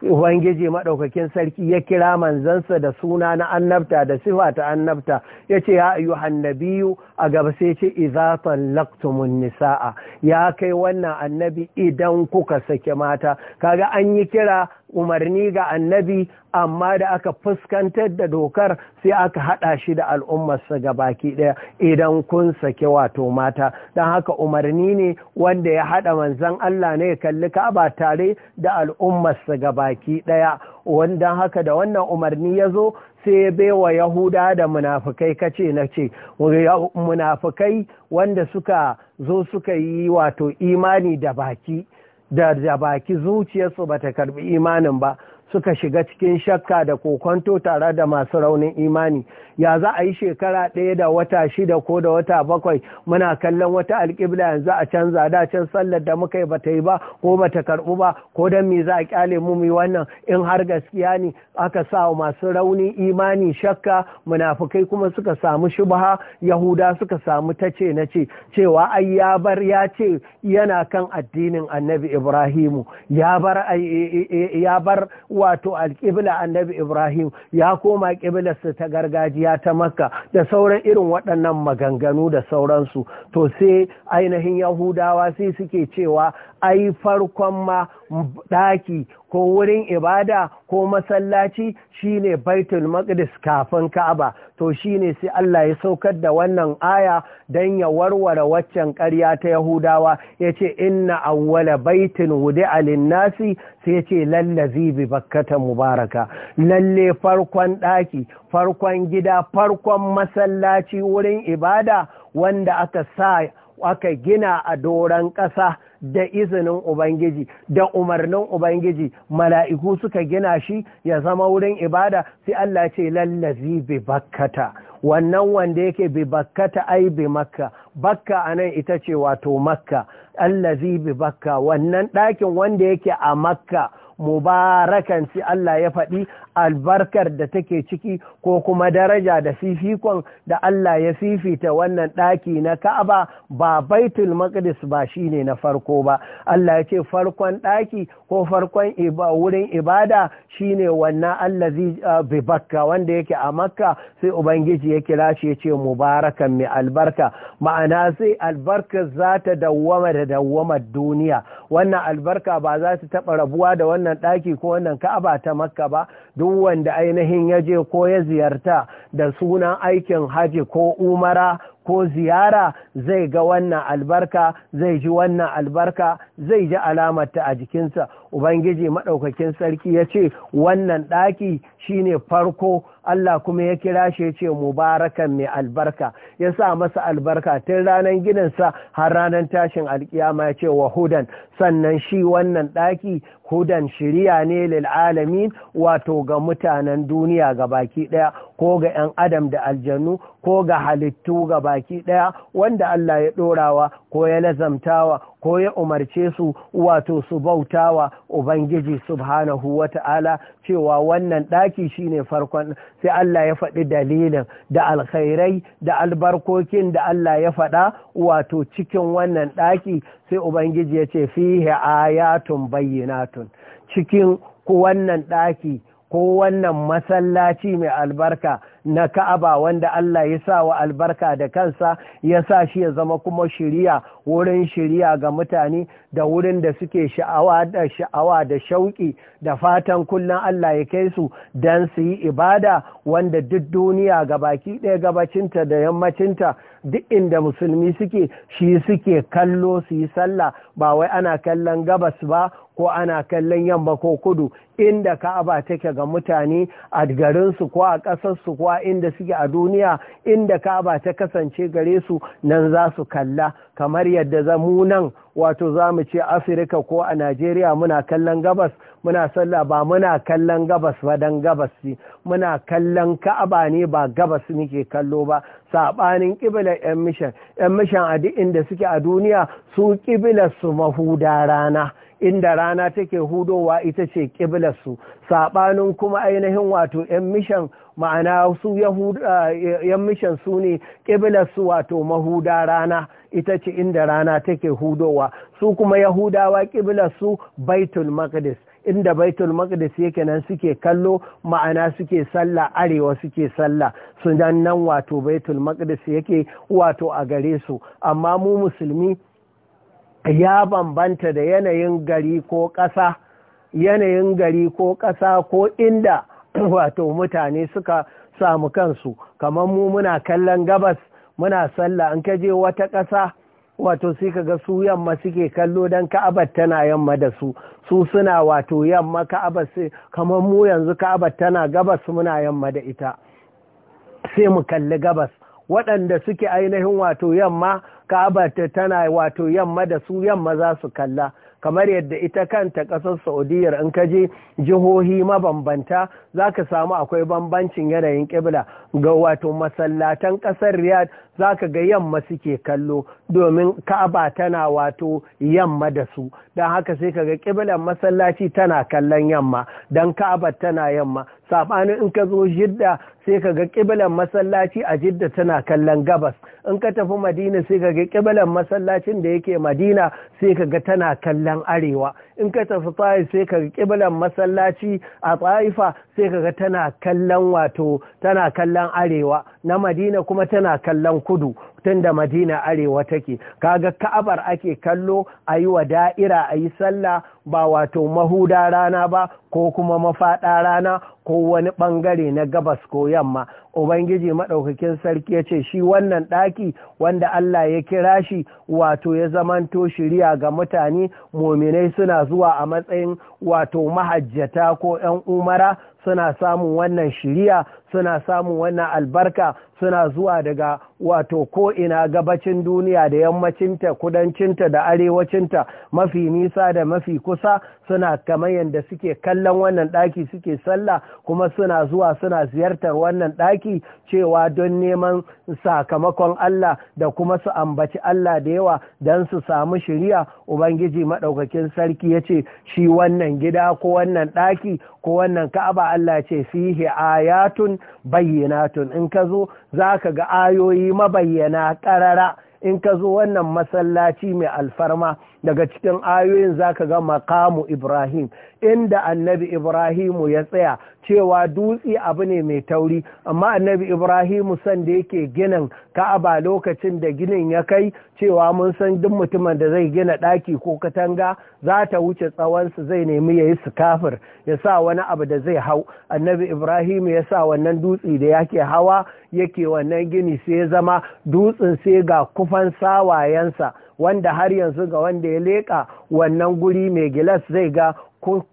Ubangiji maɗaukakin sarki ya kira manzansa da suna na annabta da sifa ta annabta ya ce ya ayyu hannabiyu a gaba sai ce izatan laktumun nisa'a ya kai wannan annabi idan kuka sake mata kaga an yi kira umarni ga annabi amma da aka fuskantar da dokar sai aka hada shi da al'ummarsa ga baki daya idan kun sake wato mata don haka umarni ne wanda ya hada manzan Allah ne ya kalli ba tare da al'ummarsa ga baki daya wanda haka da wannan umarni ya zo sai ya baiwa yahuda da munafukai kace na ce munafukai wanda suka zo suka yi wato imani da baki da baki zuciyarsu ba ta karbi imanin ba suka shiga cikin shakka da kokonto tare da masu raunin imani ya za a yi shekara ɗaya da wata shida ko da wata bakwai muna kallon wata alƙibla yanzu a canza da can sallar da muka yi ba ta yi ba ko ba ta karɓu ba ko don me za a ƙyale mu mu wannan in har gaskiya ne aka sa masu raunin imani shakka munafukai kuma suka samu shubha yahuda suka samu ta ce na ce cewa ai ya bar ya ce yana kan addinin annabi ibrahimu ya bar eh, eh, eh, ya bar wato alƙibla annabi Ibrahim ya koma ƙiblarsa ta gargajiya ta Makka da sauran irin waɗannan maganganu da sauransu to sai ainihin Yahudawa sai suke cewa ai farkon ma ɗaki ko wurin ibada ko masallaci shine baitul maqdis kafin ka'aba to shine sai Allah ya saukar da wannan aya dan ya warware waccan ƙarya ta yahudawa yace inna awwala baitin wudi'a lin-nasi sai yace lallazi bi bakkata mubaraka lalle farkon ɗaki farkon gida farkon masallaci wurin ibada wanda aka sa aka gina a doron ƙasa da izinin ubangiji da umarnin ubangiji mala'iku suka gina shi ya zama wurin ibada sai Allah ce lallazi bi bakkata wannan wanda yake bi bakkata ai bi makka bakka anan ita ce wato makka lallazi bi bakka wannan ɗakin wanda yake a makka mubarakanci Allah ya faɗi albarkar da take ciki ko kuma daraja da fifikon da Allah ya fifita wannan ɗaki na Ka'aba ba Baitul Maqdis ba shine na farko ba Allah ya ce farkon ɗaki ko farkon wurin ibada shine wannan allazi bi Bakka wanda yake a Makka sai Ubangiji ya kira shi ya ce mubarakan mai albarka ma'ana sai albarkar za ta dawwama da dawwamar duniya wannan albarka ba za ta taɓa rabuwa da wannan wannan ɗaki ko wannan ka'aba ta makka ba duk wanda ainihin ya je ko ya ziyarta da sunan aikin haji ko umara ko ziyara zai ga wannan albarka zai ji wannan albarka zai ji alamarta a jikinsa ubangiji maɗaukakin sarki ya ce wannan ɗaki shine farko Allah kuma ya kira shi ya ce mubarakan mai albarka ya sa masa albarka tun ranar gininsa har ranar tashin alkiyama ya ce wa hudan sannan shi wannan ɗaki hudan shiriya ne lil'alamin wato ga mutanen duniya ga baki ɗaya ko ga 'yan adam da aljannu ko ga halittu ga baki ɗaya wanda Allah ya ɗorawa ko ya lazamtawa ko ya umarce su wato su bautawa Ubangiji subhanahu wa ta'ala cewa wannan ɗaki shi ne farkon sai Allah ya faɗi dalilin da alkhairai da albarkokin da Allah ya faɗa wato cikin wannan ɗaki sai Ubangiji ya ce fihe ayatun bayyanatun cikin wannan ɗaki ko wannan masallaci mai albarka na ka'aba wanda Allah ya sa wa albarka da kansa ya sa shi ya zama kuma shiriya wurin shiriya ga mutane da wurin da suke sha'awa da sha'awa da shauƙi da fatan kullum Allah ya kai su don su yi ibada wanda duk duniya ga baki ɗaya gabacinta da yammacinta duk inda musulmi suke shi suke kallo su yi sallah ba wai ana kallon gabas ba ko ana kallon yamma ko kudu inda ka'aba take ga mutane a garinsu ko a ƙasarsu ko inda suke a duniya inda ka'aba ta kasance gare su nan za su kalla kamar yadda zamu nan wato za mu ce afirka ko a najeriya muna kallon gabas muna sallah ba muna kallon gabas ba dan gabas ce muna kallon ka'aba ne ba gabas muke kallo ba saɓanin ƙibilar 'yan mishan 'yan mishan a duk inda suke a duniya su ƙibilar su mahuda rana inda rana take hudowa ita ce ƙiblarsu saɓanin kuma ainihin wato 'yan mishan ma'ana su yan mishan su ne ƙiblarsu wato mahuda rana ita ce inda rana take hudowa su kuma yahudawa ƙiblarsu baitul maqdis inda baitul maqdis yake nan suke kallo ma'ana suke sallah arewa suke sallah su nan wato baitul maqdis yake wato a gare su amma mu musulmi ya bambanta da yanayin gari ko ƙasa yanayin gari ko ƙasa ko inda wato mutane suka samu kansu kamar mu muna kallon gabas muna sallah an kaje wata ƙasa wato sai ka su yamma suke kallo dan ka'abar tana yamma da su su suna wato yamma ka'abar sai kamar mu yanzu ka'abar tana gabas muna yamma da ita sai mu kalli gabas waɗanda suke ainihin wato yamma Ka'aba tana wato yamma da su yamma za su kalla kamar yadda ita kanta ƙasar Saudiyyar in ka je jihohi mabambanta za ka samu akwai bambancin yanayin ƙibla ga wato masallatan ƙasar Riyad. za ka ga yamma suke kallo domin ka'aba tana wato yamma da su don haka sai ka ga ƙibilan masallaci tana kallon yamma don ka'aba tana yamma saɓanin in ka zo jidda sai ka ga ƙibilan masallaci a jidda tana kallon gabas in ka tafi madina sai ka ga ƙibilan masallacin da yake madina sai ka ga tana kallon arewa in ka tafi tsayi sai ka ga ƙibilan masallaci a tsayifa sai ka ga tana kallon wato tana kallon arewa na madina kuma tana kallon kudu tunda madina arewa take kaga ka'abar ake kallo a yi wa da'ira a yi sallah ba wato mahuda rana ba ko kuma mafaɗa rana ko wani ɓangare na gabas ko yamma ubangiji maɗaukakin sarki ya ce shi wannan ɗaki wanda allah ya kira shi wato ya zamanto shirya ga mutane mominai suna zuwa a matsayin wato mahajjata ko 'yan umara suna samun wannan shirya suna samun wannan albarka suna zuwa daga wato ko'ina gabacin duniya da yammacinta kudancinta da arewacinta mafi nisa da mafi kusa suna kamar yadda suke kallon wannan ɗaki suke sallah kuma suna zuwa suna ziyartar wannan ɗaki cewa don neman sakamakon Allah da kuma su ambaci Allah da yawa don su samu shirya Ubangiji maɗaukakin sarki ya ce shi wannan gida ko wannan ɗaki ko wannan ka'aba Allah ce fihi ayatun bayyanatun in ka zo za ka ga ayoyi mabayyana ƙarara in ka zo wannan masallaci mai alfarma daga cikin ayoyin zaka ga makamu Ibrahim inda annabi Ibrahimu ya tsaya cewa dutse abu ne mai tauri amma annabi Ibrahimu san da yake ginin Ka'aba lokacin da ginin ya kai cewa mun san duk mutumin da zai gina daki ko katanga za ta wuce tsawon zai nemi yayi kafir ya sa wani abu da zai hau annabi Ibrahimu ya sa wannan dutse da yake hawa yake wannan gini sai ya zama dutsen sai ga kufan sawayensa wanda har yanzu ga wanda ya leƙa wannan guri mai gilas zai ga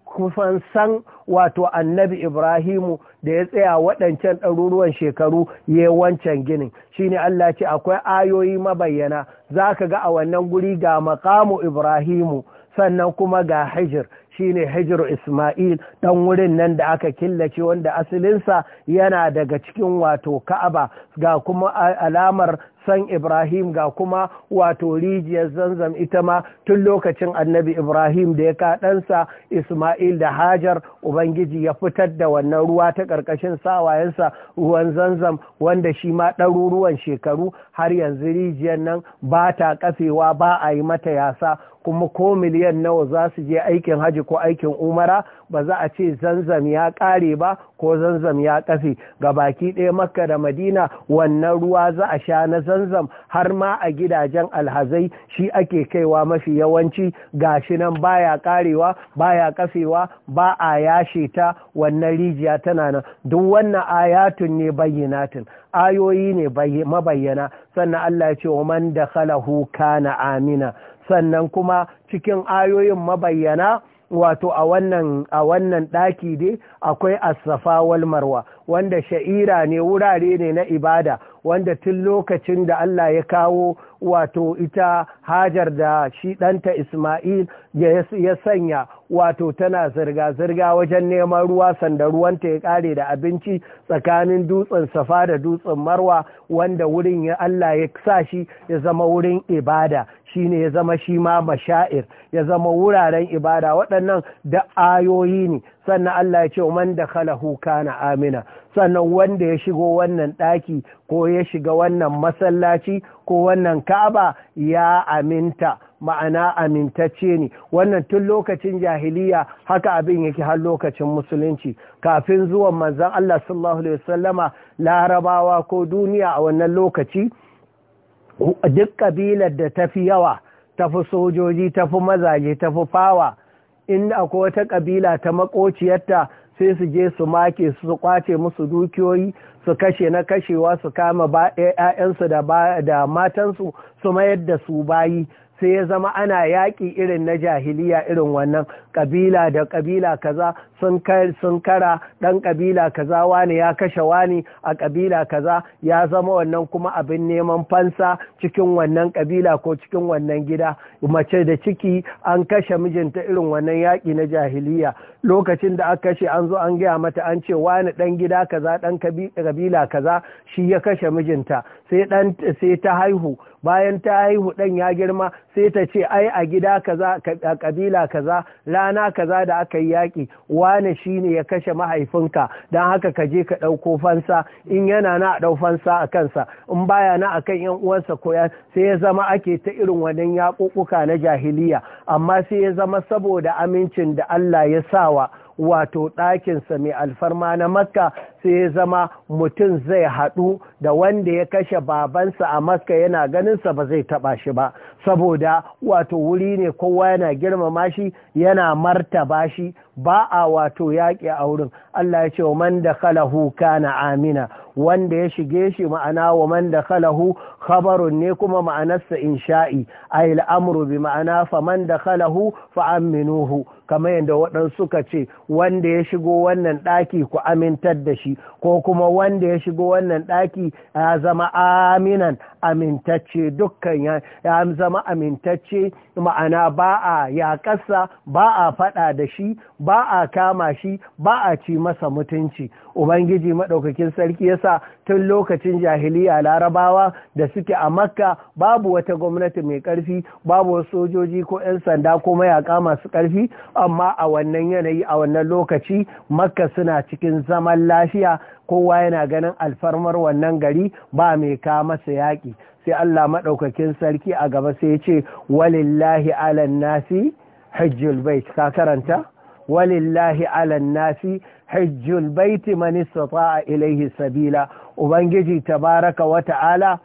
kufan san wato annabi ibrahimu da ya tsaya waɗancan ɗaruruwan shekaru ya wancan ginin shine allah ce akwai ayoyi mabayyana za ka ga a wannan guri ga makamu ibrahimu sannan kuma ga hijir ne hijir Ismail ɗan wurin nan da aka killace wanda asalinsa yana daga cikin wato Ka'aba ga kuma alamar san Ibrahim ga kuma wato rijiyar zanzam ita ma tun lokacin annabi Ibrahim da ya kaɗansa Ismail da Hajar Ubangiji ya fitar da wannan ruwa ta ƙarƙashin sawayensa ruwan zanzam wanda shi ma ɗaruruwan shekaru har yanzu rijiyar nan ba ta kafewa ba a yi mata yasa kuma ko miliyan nawa za su je aikin haji ko aikin umara ba za a ce zanzam ya ƙare ba ko zanzam ya ƙafe ga baki ɗaya makka da madina wannan ruwa za a sha na zanzam har ma a gidajen alhazai shi ake kaiwa mafi yawanci gashi nan baya ƙarewa baya ƙafewa ba a yashe ta wannan rijiya tana nan duk wannan ayatun ne bayyanatin ayoyi ne mabayyana sannan Allah ya ce wa man da khalahu kana amina sannan kuma cikin ayoyin mabayyana wato a wannan a wannan dai akwai as wal marwa wanda sha'ira ne wurare ne na ibada wanda tun lokacin da Allah ya kawo wato ita hajar da shi ɗanta Ismail ya sanya wato tana zirga-zirga wajen neman ruwa sanda ruwanta ya ƙare da abinci tsakanin dutsen safa da dutsen marwa wanda wurin ya Allah ya sa shi ya zama wurin ibada Shi ne ya zama shi ma mashair ya zama wuraren ibada waɗannan da ayoyi ne sannan Allah ya ce man dakhalahu kana amina sannan wanda ya shigo wannan ɗaki ko ya shiga wannan masallaci ko wannan Ka'aba ya aminta ma'ana amintacce ne wannan tun lokacin jahiliya haka abin yake har lokacin musulunci kafin zuwan manzan Allah sallallahu alaihi wasallama larabawa ko duniya a wannan lokaci duk ƙabilar da ta fi yawa ta fi sojoji ta fi mazaje ta fi fawa inda akwai wata ƙabila ta makociyarta sai su je su make su kwace musu dukiyoyi su kashe na kashewa su kama 'ya'yansu da matansu su mayar da su bayi sai ya zama ana yaƙi irin na jahiliya irin wannan ƙabila da ƙabila kaza sun kara ɗan ƙabila kaza wani ya kashe wani a ƙabila kaza ya zama wannan kuma abin neman fansa cikin wannan ƙabila ko cikin wannan gida mace da ciki an kashe mijinta irin wannan yaƙi na jahiliya lokacin da aka kashe an zo an gaya mata an ce wani ɗan gida kaza ɗan ƙabila kaza shi ya kashe mijinta sai ta haihu bayan ta haihu ɗan ya girma sai ta ce ai a gida kaza a kabila kaza rana kaza da aka yi yaƙi wane ne ya kashe mahaifinka don haka ka je ka ɗauko fansa in yana na ɗau fansa a kansa in baya na kan yan uwansa koya sai ya zama ake ta irin wannan yaƙuƙuka na jahiliya amma sai ya zama saboda amincin da Allah ya sawa wato ɗakinsa mai alfarma na makka sai ya zama mutum zai haɗu da wanda ya kashe babansa a maska yana ganinsa ba zai taɓa shi ba saboda wato wuri ne kowa yana girmama shi yana martaba shi ba a wato yaƙi a wurin Allah ya ce wa man da kana amina wanda ya shige shi ma'ana wa man da kalahu khabarun ne kuma ma'anarsa insha'i a amru bi ma'ana fa man da kalahu fa aminuhu kamar yadda waɗansu suka ce wanda ya shigo wannan ɗaki ku amintar da shi ko kuma wanda ya shigo wannan ɗaki ya zama aminan amintacce dukkan ya zama amintacce ma'ana ba a yaƙasa ba a faɗa da shi ba a kama shi ba a ci masa mutunci ubangiji maɗaukakin sarki yasa tun lokacin jahiliya larabawa da suke a makka babu wata gwamnati mai ƙarfi babu wasu sojoji ko 'yan sanda ko mayaƙa masu ƙarfi amma a wannan yanayi a wannan lokaci makka suna cikin zaman lafiya kowa yana ganin alfarmar wannan gari ba mai ka masa yaƙi sai Allah maɗaukakin sarki a gaba sai ce walillahi alan nasi hajjul bait ka karanta walillahi alan nasi hajjul bait man istata'a ilaihi sabila ubangiji tabaraka wa ta'ala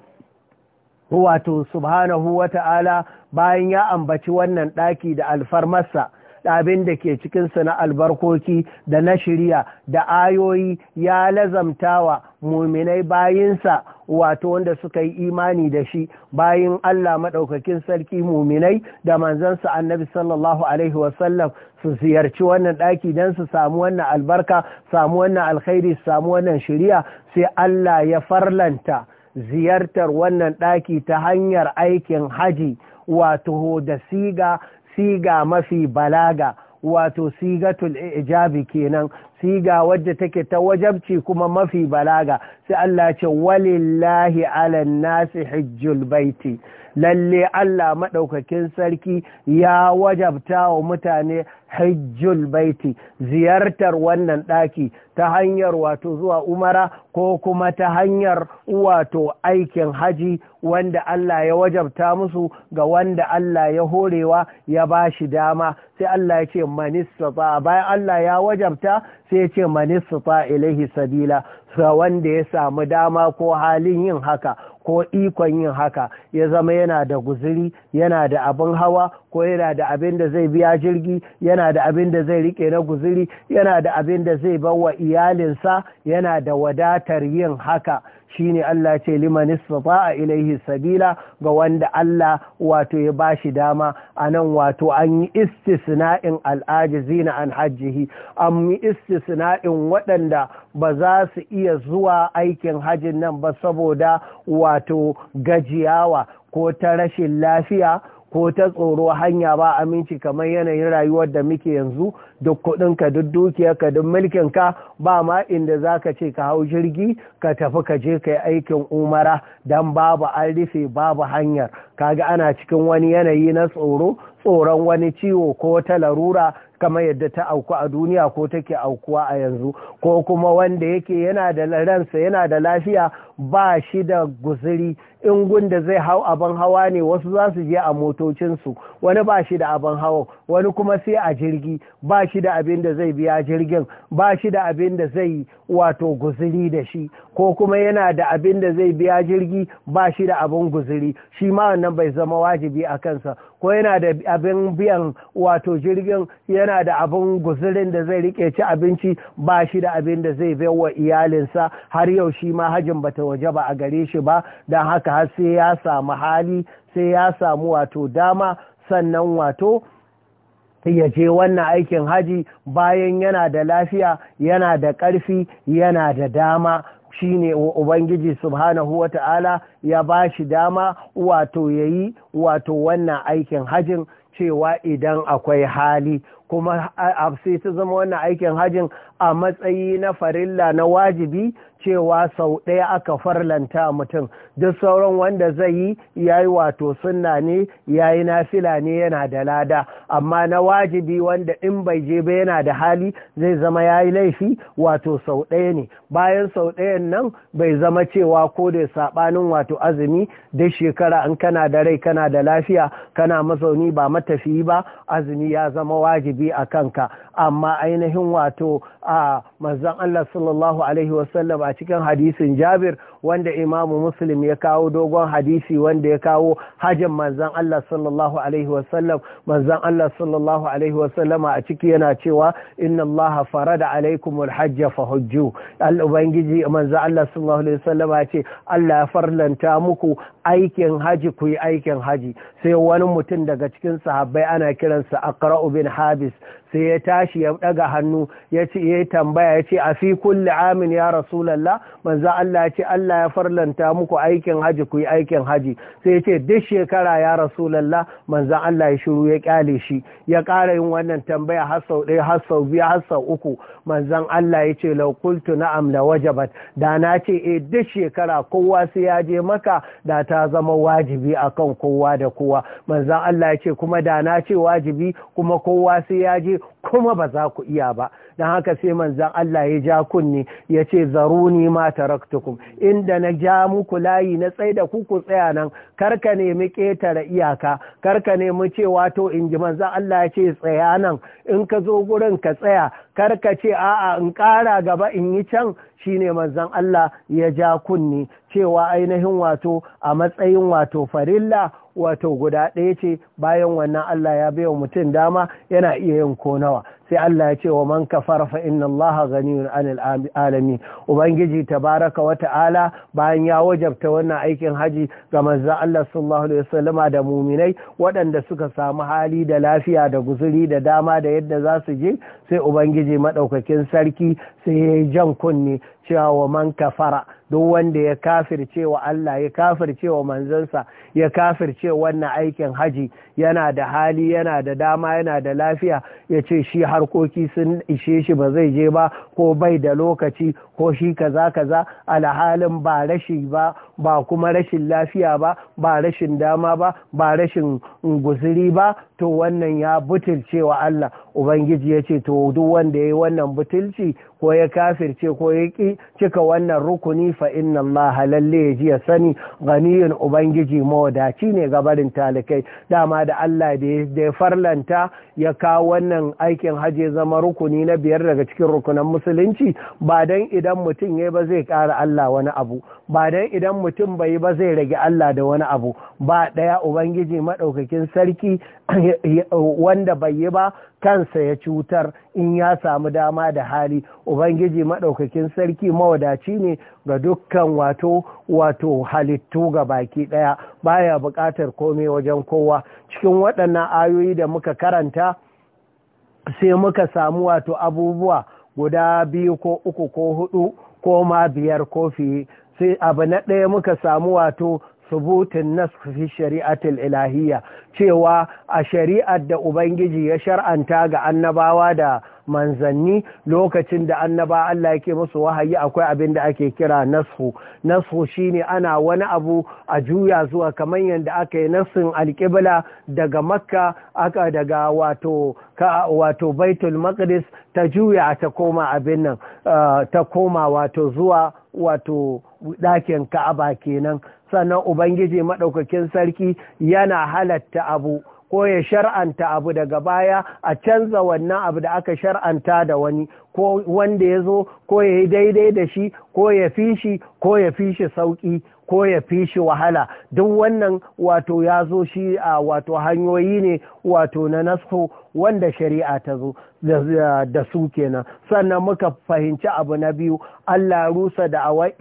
wato subhanahu wa ta'ala bayan ya ambaci wannan ɗaki da alfarmarsa da abin da ke cikinsu na albarkoki da na shirya da ayoyi ya lazamtawa muminai bayinsa wato wanda suka yi imani da shi bayin Allah maɗaukakin sarki muminai da manzansa annabi sallallahu alaihi wasallam su ziyarci wannan ɗaki don su samu wannan albarka samu wannan alkhairi samu wannan shirya sai Allah ya farlanta ziyartar wannan ɗaki ta hanyar aikin haji wato da siga siga mafi balaga wato sigatul ijabi kenan siga wadda take ta wajabci kuma mafi balaga sai Allah ce walillahi ala nasi hijjul baiti lalle Allah maɗaukakin sarki ya wajabta wa mutane hajjul baiti ziyartar wannan ɗaki ta hanyar wato zuwa umara ko kuma ta hanyar wato aikin haji wanda Allah ya wajabta musu ga wanda Allah ya horewa ya ba shi dama sai Allah ya ce manistata bayan Allah ya wajabta sai ya ce manistata ilaihi sabila ga wanda ya samu dama ko halin yin haka ko ikon yin haka ya zama yana da guziri yana da abin hawa ko yana da abin da zai biya jirgi yana da abin da zai rike na guziri yana da abin da zai bawa iyalinsa yana da wadatar yin haka shine Allah ce liman a ilaihi sabila ga wanda Allah wato ya ba shi dama a nan wato an yi istisna'in al'ajizina an hajjihi an yi istisna'in waɗanda ba za su iya zuwa aikin hajjin nan ba saboda wato gajiyawa ko ta rashin lafiya ko ta tsoro hanya ba aminci kamar yanayin rayuwar da muke yanzu duk ka duk dukiyarka duk ka ba ma inda za ka ce ka hau jirgi ka tafi ka je ka aikin umara dan babu an rufe babu hanyar kaga ana cikin wani yanayi na tsoro tsoron wani ciwo ko ta larura kamar yadda ta auku a duniya ko take aukuwa a yanzu ko kuma wanda yake yana da ransa yana da lafiya ba shi da guziri in gunda zai hau abin hawa ne wasu za su je a motocinsu wani ba shi da abin hawa wani kuma sai a jirgi ba shi da abin da zai biya jirgin ba shi da abin da zai wato guziri da shi ko kuma yana da abin da zai biya jirgi ba shi da abin guziri shi ma wannan bai zama wajibi a kansa ko yana da abin biyan wato jirgin yana da abin guzirin da zai rike ci abinci ba shi da abin da zai bai wa iyalinsa har yau shi ma hajin bata waje ba a gare shi ba don haka har sai ya samu hali sai ya samu wato dama sannan wato ya je wannan aikin haji bayan yana da lafiya yana da ƙarfi yana da dama shine ubangiji subhanahu wata'ala ya ba shi dama wato ya yi wato wannan aikin hajin cewa idan akwai hali kuma sai ta zama wannan aikin hajin a matsayi na farilla na wajibi cewa sau ɗaya aka farlanta mutum duk sauran wanda zai yi ya yi wato sunna ne yi nafila ne yana da lada amma na wajibi wanda in bai je ba yana da hali zai zama ya yi laifi wato sau ɗaya ne bayan sau ɗayan nan bai zama cewa ko da saɓanin wato azumi da shekara in kana da rai kana da lafiya kana mazauni ba matafiyi ba azumi ya zama wajibi a kanka amma ainihin wato a manzan Allah sallallahu alaihi wasallam a cikin hadisin Jabir wanda Imamu Muslim ya kawo dogon hadisi wanda ya kawo hajjan manzan Allah sallallahu alaihi wasallam manzan Allah sallallahu alaihi wasallama a ciki yana cewa inna Allah farada alaikumul fa hujju ubangiji manzan Allah sallallahu alaihi wasallama ya ce Allah ya farlanta muku aikin haji ku yi aikin haji sai wani mutum daga cikin sahabbai ana kiransa Akra'u bin habis sai ya tashi ya daga hannu ya ce ya tambaya ya ce a fi kulli amin ya rasulallah manzan Allah ya ce Allah ya farlanta muku aikin aikin haji ku yi aikin haji sai ya ce duk shekara ya rasu rasulallah manzan Allah ya shiru ya kyale shi ya ƙara yin wannan tambaya har sau ɗaya har sau biyu har sau uku manzan Allah ya ce laukultu na'am amla wajabat da na ce e duk shekara kowa sai ya je maka da ta zama wajibi akan kowa da kowa manzan Allah ya ce kuma da na ce wajibi kuma kowa sai ya je kuma ba za ku iya ba don haka sai manzan Allah ya ja kunni ya ce zaruni ma taraktukum inda na ja muku layi na tsai da kuku tsaya nan karka nemi ƙetare iyaka karka nemi cewa to in ji manzan Allah ya ce tsaya nan in ka zo gurin ka tsaya karka ce a'a in ƙara gaba in yi can shine manzan Allah ya ja kunni cewa ainihin wato a matsayin wato farilla wato guda ɗaya ce bayan wannan Allah ya bai wa mutum dama yana iya yin ko nawa sai Allah ya ce wa man kafara fa inna Allah ghaniyun anil alamin ubangiji tabaraka wa ta'ala bayan ya wajabta wannan aikin haji ga manzon Allah sallallahu alaihi wasallama da muminai waɗanda suka samu hali da lafiya da guzuri da dama da yadda za su je sai ubangiji madaukakin sarki sai ya yi jan kunne cewa wa man kafara duk wanda ya kafirce wa Allah ya kafirce wa manzansa ya kafirce wannan aikin haji yana da hali yana da dama yana da lafiya ya ce shi harkoki sun ishe shi ba zai je ba ko bai da lokaci ko shi kaza kaza alhalin ba rashi ba ba kuma rashin lafiya ba ba rashin dama ba ba rashin guziri ba to wannan ya butulce wa Allah ubangiji yace to duk wanda ya yi wannan butulci ko ya kafirce ko ya ƙi cika wannan rukuni fa inna Allah halalle ya ji ya sani ganiyin ubangiji mawadaci ne gabarin talikai dama da Allah da ya farlanta ya kawo wannan aikin haje zama rukuni na biyar daga cikin rukunan musulunci ba dan idan mutum ya ba zai ƙara Allah wani abu ba dan idan mutum bai ba zai rage Allah da wani abu ba ɗaya ubangiji maɗaukakin sarki wanda bai yi ba kansa ya cutar in ya samu dama da hali ubangiji maɗaukakin sarki mawadaci ne ga dukkan wato wato halittu ga baki ɗaya baya buƙatar komai wajen kowa cikin waɗannan ayoyi da muka karanta sai muka samu wato abubuwa guda biyu ko uku ko hudu ko ma biyar kofi sai abu na ɗaya muka samu wato subutin nas fi shari'atul ilahiyya cewa a shari'ar da ubangiji ya shar'anta ga annabawa da manzanni lokacin da annaba Allah yake musu wahayi akwai abin da ake kira nashu nashu shine ana wani abu a juya zuwa kamar yadda aka yi nasin alƙibla daga makka aka daga wato ka wato baitul maqdis ta juya ta koma abin nan ta koma wato zuwa wato ɗakin ka'aba kenan sannan ubangiji maɗaukakin sarki yana halatta abu ko ya shar'anta abu daga baya a canza wannan abu da aka shar'anta da wani ko wanda ya zo ko ya yi daidai da shi ko ya fi shi ko ya fi shi sauƙi ko ya fi shi wahala duk wannan wato ya zo shi a wato hanyoyi ne wato na nasko wanda shari'a ta zo da su kenan sannan muka fahimci abu na biyu Allah rusa da awa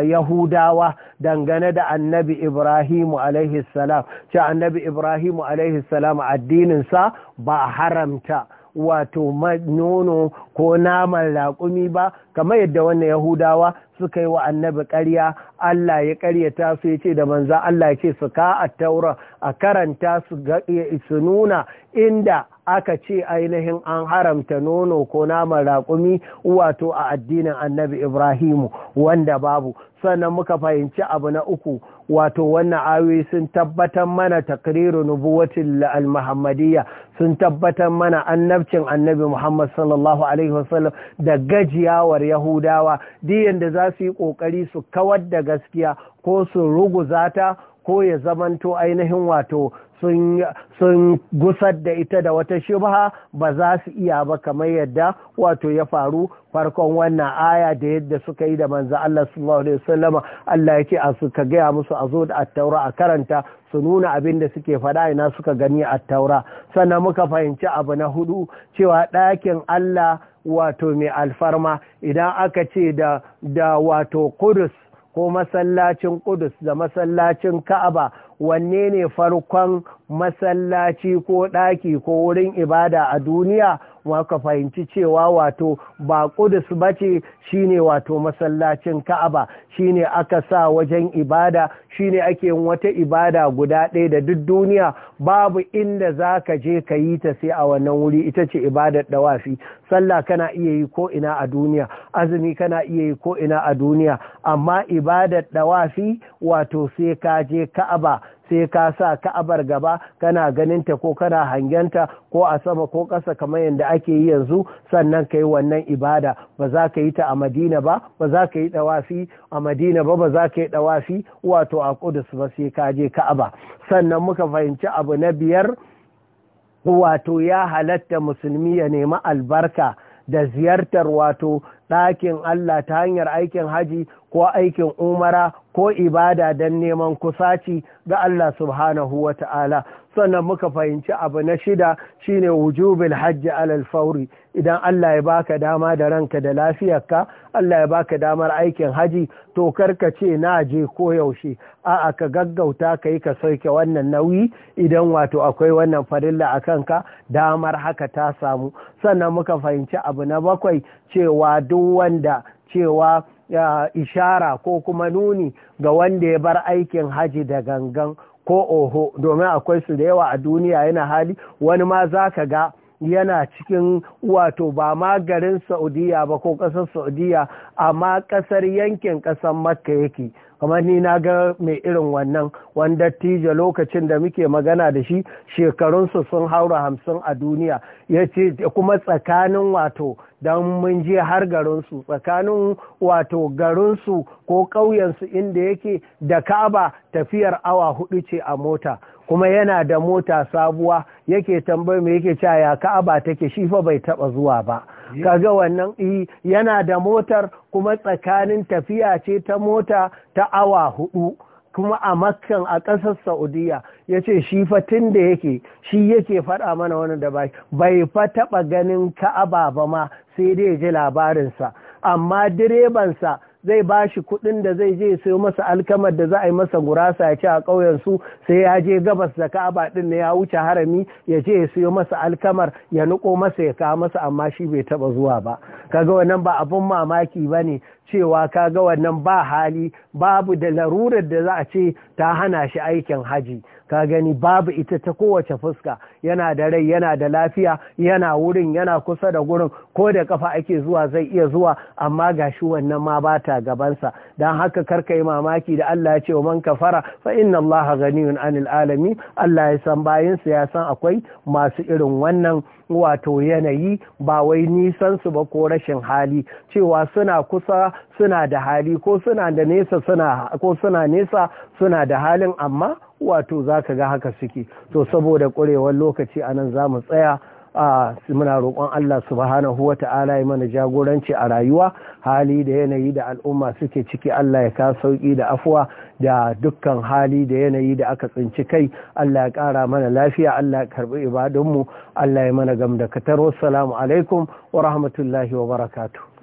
yahudawa dangane da annabi ibrahimu alaihi salam ce annabi ibrahimu alaihi salam addininsa ba haramta wato nono ko naman laƙumi ba kamar yadda wannan yahudawa suka yi wa annabi karya. Allah ya ƙaryata su ya ce da manza Allah ya ce su ka a taura a karanta su su nuna inda aka ce ainihin an haramta nono ko naman raƙumi wato a addinin annabi Ibrahimu wanda babu sannan muka fahimci abu na uku wato wannan ayoyi sun tabbatar mana takriru nubuwatin al-muhammadiyya sun tabbatar mana annabcin annabi Muhammad sallallahu alaihi wasallam da gajiyawar Yahudawa diyan da za su yi kokari su kawar da gaskiya ko su ruguzata ko ya zamanto ainihin wato sun gusar da ita da wata shubha ba za su iya ba kamar yadda wato ya faru farkon wannan aya da yadda suka yi da manzo Allah sallallahu alaihi wasallama Allah yake a suka gaya musu a zo da attaura a karanta su nuna abin da suke faɗa ina suka gani attaura sannan muka fahimci abu na hudu cewa ɗakin Allah wato mai alfarma idan aka ce da da wato Qudus ko masallacin Qudus da masallacin Ka'aba wanne ne farkon masallaci ko ɗaki ko wurin ibada a duniya kuma ka fahimci cewa wato ba ƙudus ba ce shine wato masallacin ka'aba shine aka sa wajen ibada shine ake yin wata ibada guda ɗaya da duk duniya babu inda za ka je ka yi ta sai a wannan wuri ita ce ibadar dawafi sallah kana iya yi ko ina a duniya azumi kana iya yi ko ina a duniya amma ibadar dawafi wato sai ka je ka'aba sai ka sa ka'abar gaba kana ganin ta, ko kana hangenta ko a sama ko ƙasa kamar yadda ake yi yanzu sannan ka yi wannan ibada ba za ka yi ta a madina ba ba za ka yi ɗawafi a madina ba ba za ka yi ɗawafi wato a ƙudus ba sai ka je ka'aba sannan muka fahimci abu na biyar wato ya halatta musulmi ya nemi albarka da ziyartar wato ɗakin Allah ta hanyar aikin haji ko aikin umara ko ibada don neman kusaci ga Allah subhanahu wa ta'ala sannan muka fahimci abu na shida shine wujubil hajji alal fauri idan Allah ya baka dama da ranka da lafiyarka Allah ya baka damar aikin haji to karka ce na je ko yaushe a'a ka gaggauta ka yi ka sauke wannan nauyi idan wato akwai wannan farilla a kanka damar haka ta samu sannan muka fahimci abu na bakwai cewa duk wanda cewa ishara ko kuma nuni ga wanda ya bar aikin haji da gangan ko oho domin akwai su da yawa a duniya yana hali wani ma za ka ga yana cikin wato ba ma garin saudiya ba ko ƙasar saudiya amma ƙasar yankin ƙasar makka yake kamar ni na ga mai irin wannan wanda tije lokacin da muke magana da shi shekarunsu sun haura hamsin a duniya ya ce kuma tsakanin wato don mun je har garinsu tsakanin wato garinsu ko ƙauyensu inda yake da kaba tafiyar awa hudu ce a mota kuma yana da mota sabuwa yake tambayi mai yake cewa ya ka'aba take shi fa bai taba zuwa ba kaga wannan e, yana da motar kuma tsakanin tafiya ce ta mota ta awa hudu kuma a makkan a ƙasar saudiya ya ce shi fatin da yake shi yake faɗa mana wani da bai fa taɓa ganin ka'aba ba ma sai dai ji labarinsa amma direbansa zai ba shi kuɗin da zai je siyo masa alkamar da za a yi masa gurasa ya ce a ƙauyensu, sai ya je gabas da ka'aba ɗin ne ya wuce harami ya je ya sayo masa alkamar ya niko masa ya kawo masa amma shi bai taɓa zuwa ba kaga wannan ba abun mamaki ba ne cewa kaga wannan ba hali babu da larurar da za a ce ta hana shi aikin haji ka gani babu ita ta kowace fuska yana da rai yana da lafiya yana wurin yana kusa da gurin ko da kafa ake zuwa zai iya zuwa amma ga shi wannan ma ba ta gabansa don haka karka yi mamaki da Allah ya ce wa man kafara fa inna Allah ganiyun anil alami Allah ya san bayinsa ya san akwai masu irin wannan wato yanayi ba wai nisan su ba ko rashin hali cewa suna kusa suna da hali ko suna da nesa suna ko suna nesa suna da halin amma wato za ka ga haka suke to saboda ƙwarewar lokaci a nan za mu tsaya a muna roƙon Allah subhanahu wa ta'ala ya mana jagoranci a rayuwa hali da yanayi da al'umma suke ciki Allah ya ka sauƙi da afuwa da dukkan hali da yanayi da aka tsinci kai Allah ya ƙara mana lafiya Allah ya karɓi ibadunmu Allah ya mana gamdakatar wassalamu alaikum wa rahmatullahi wa barakatuh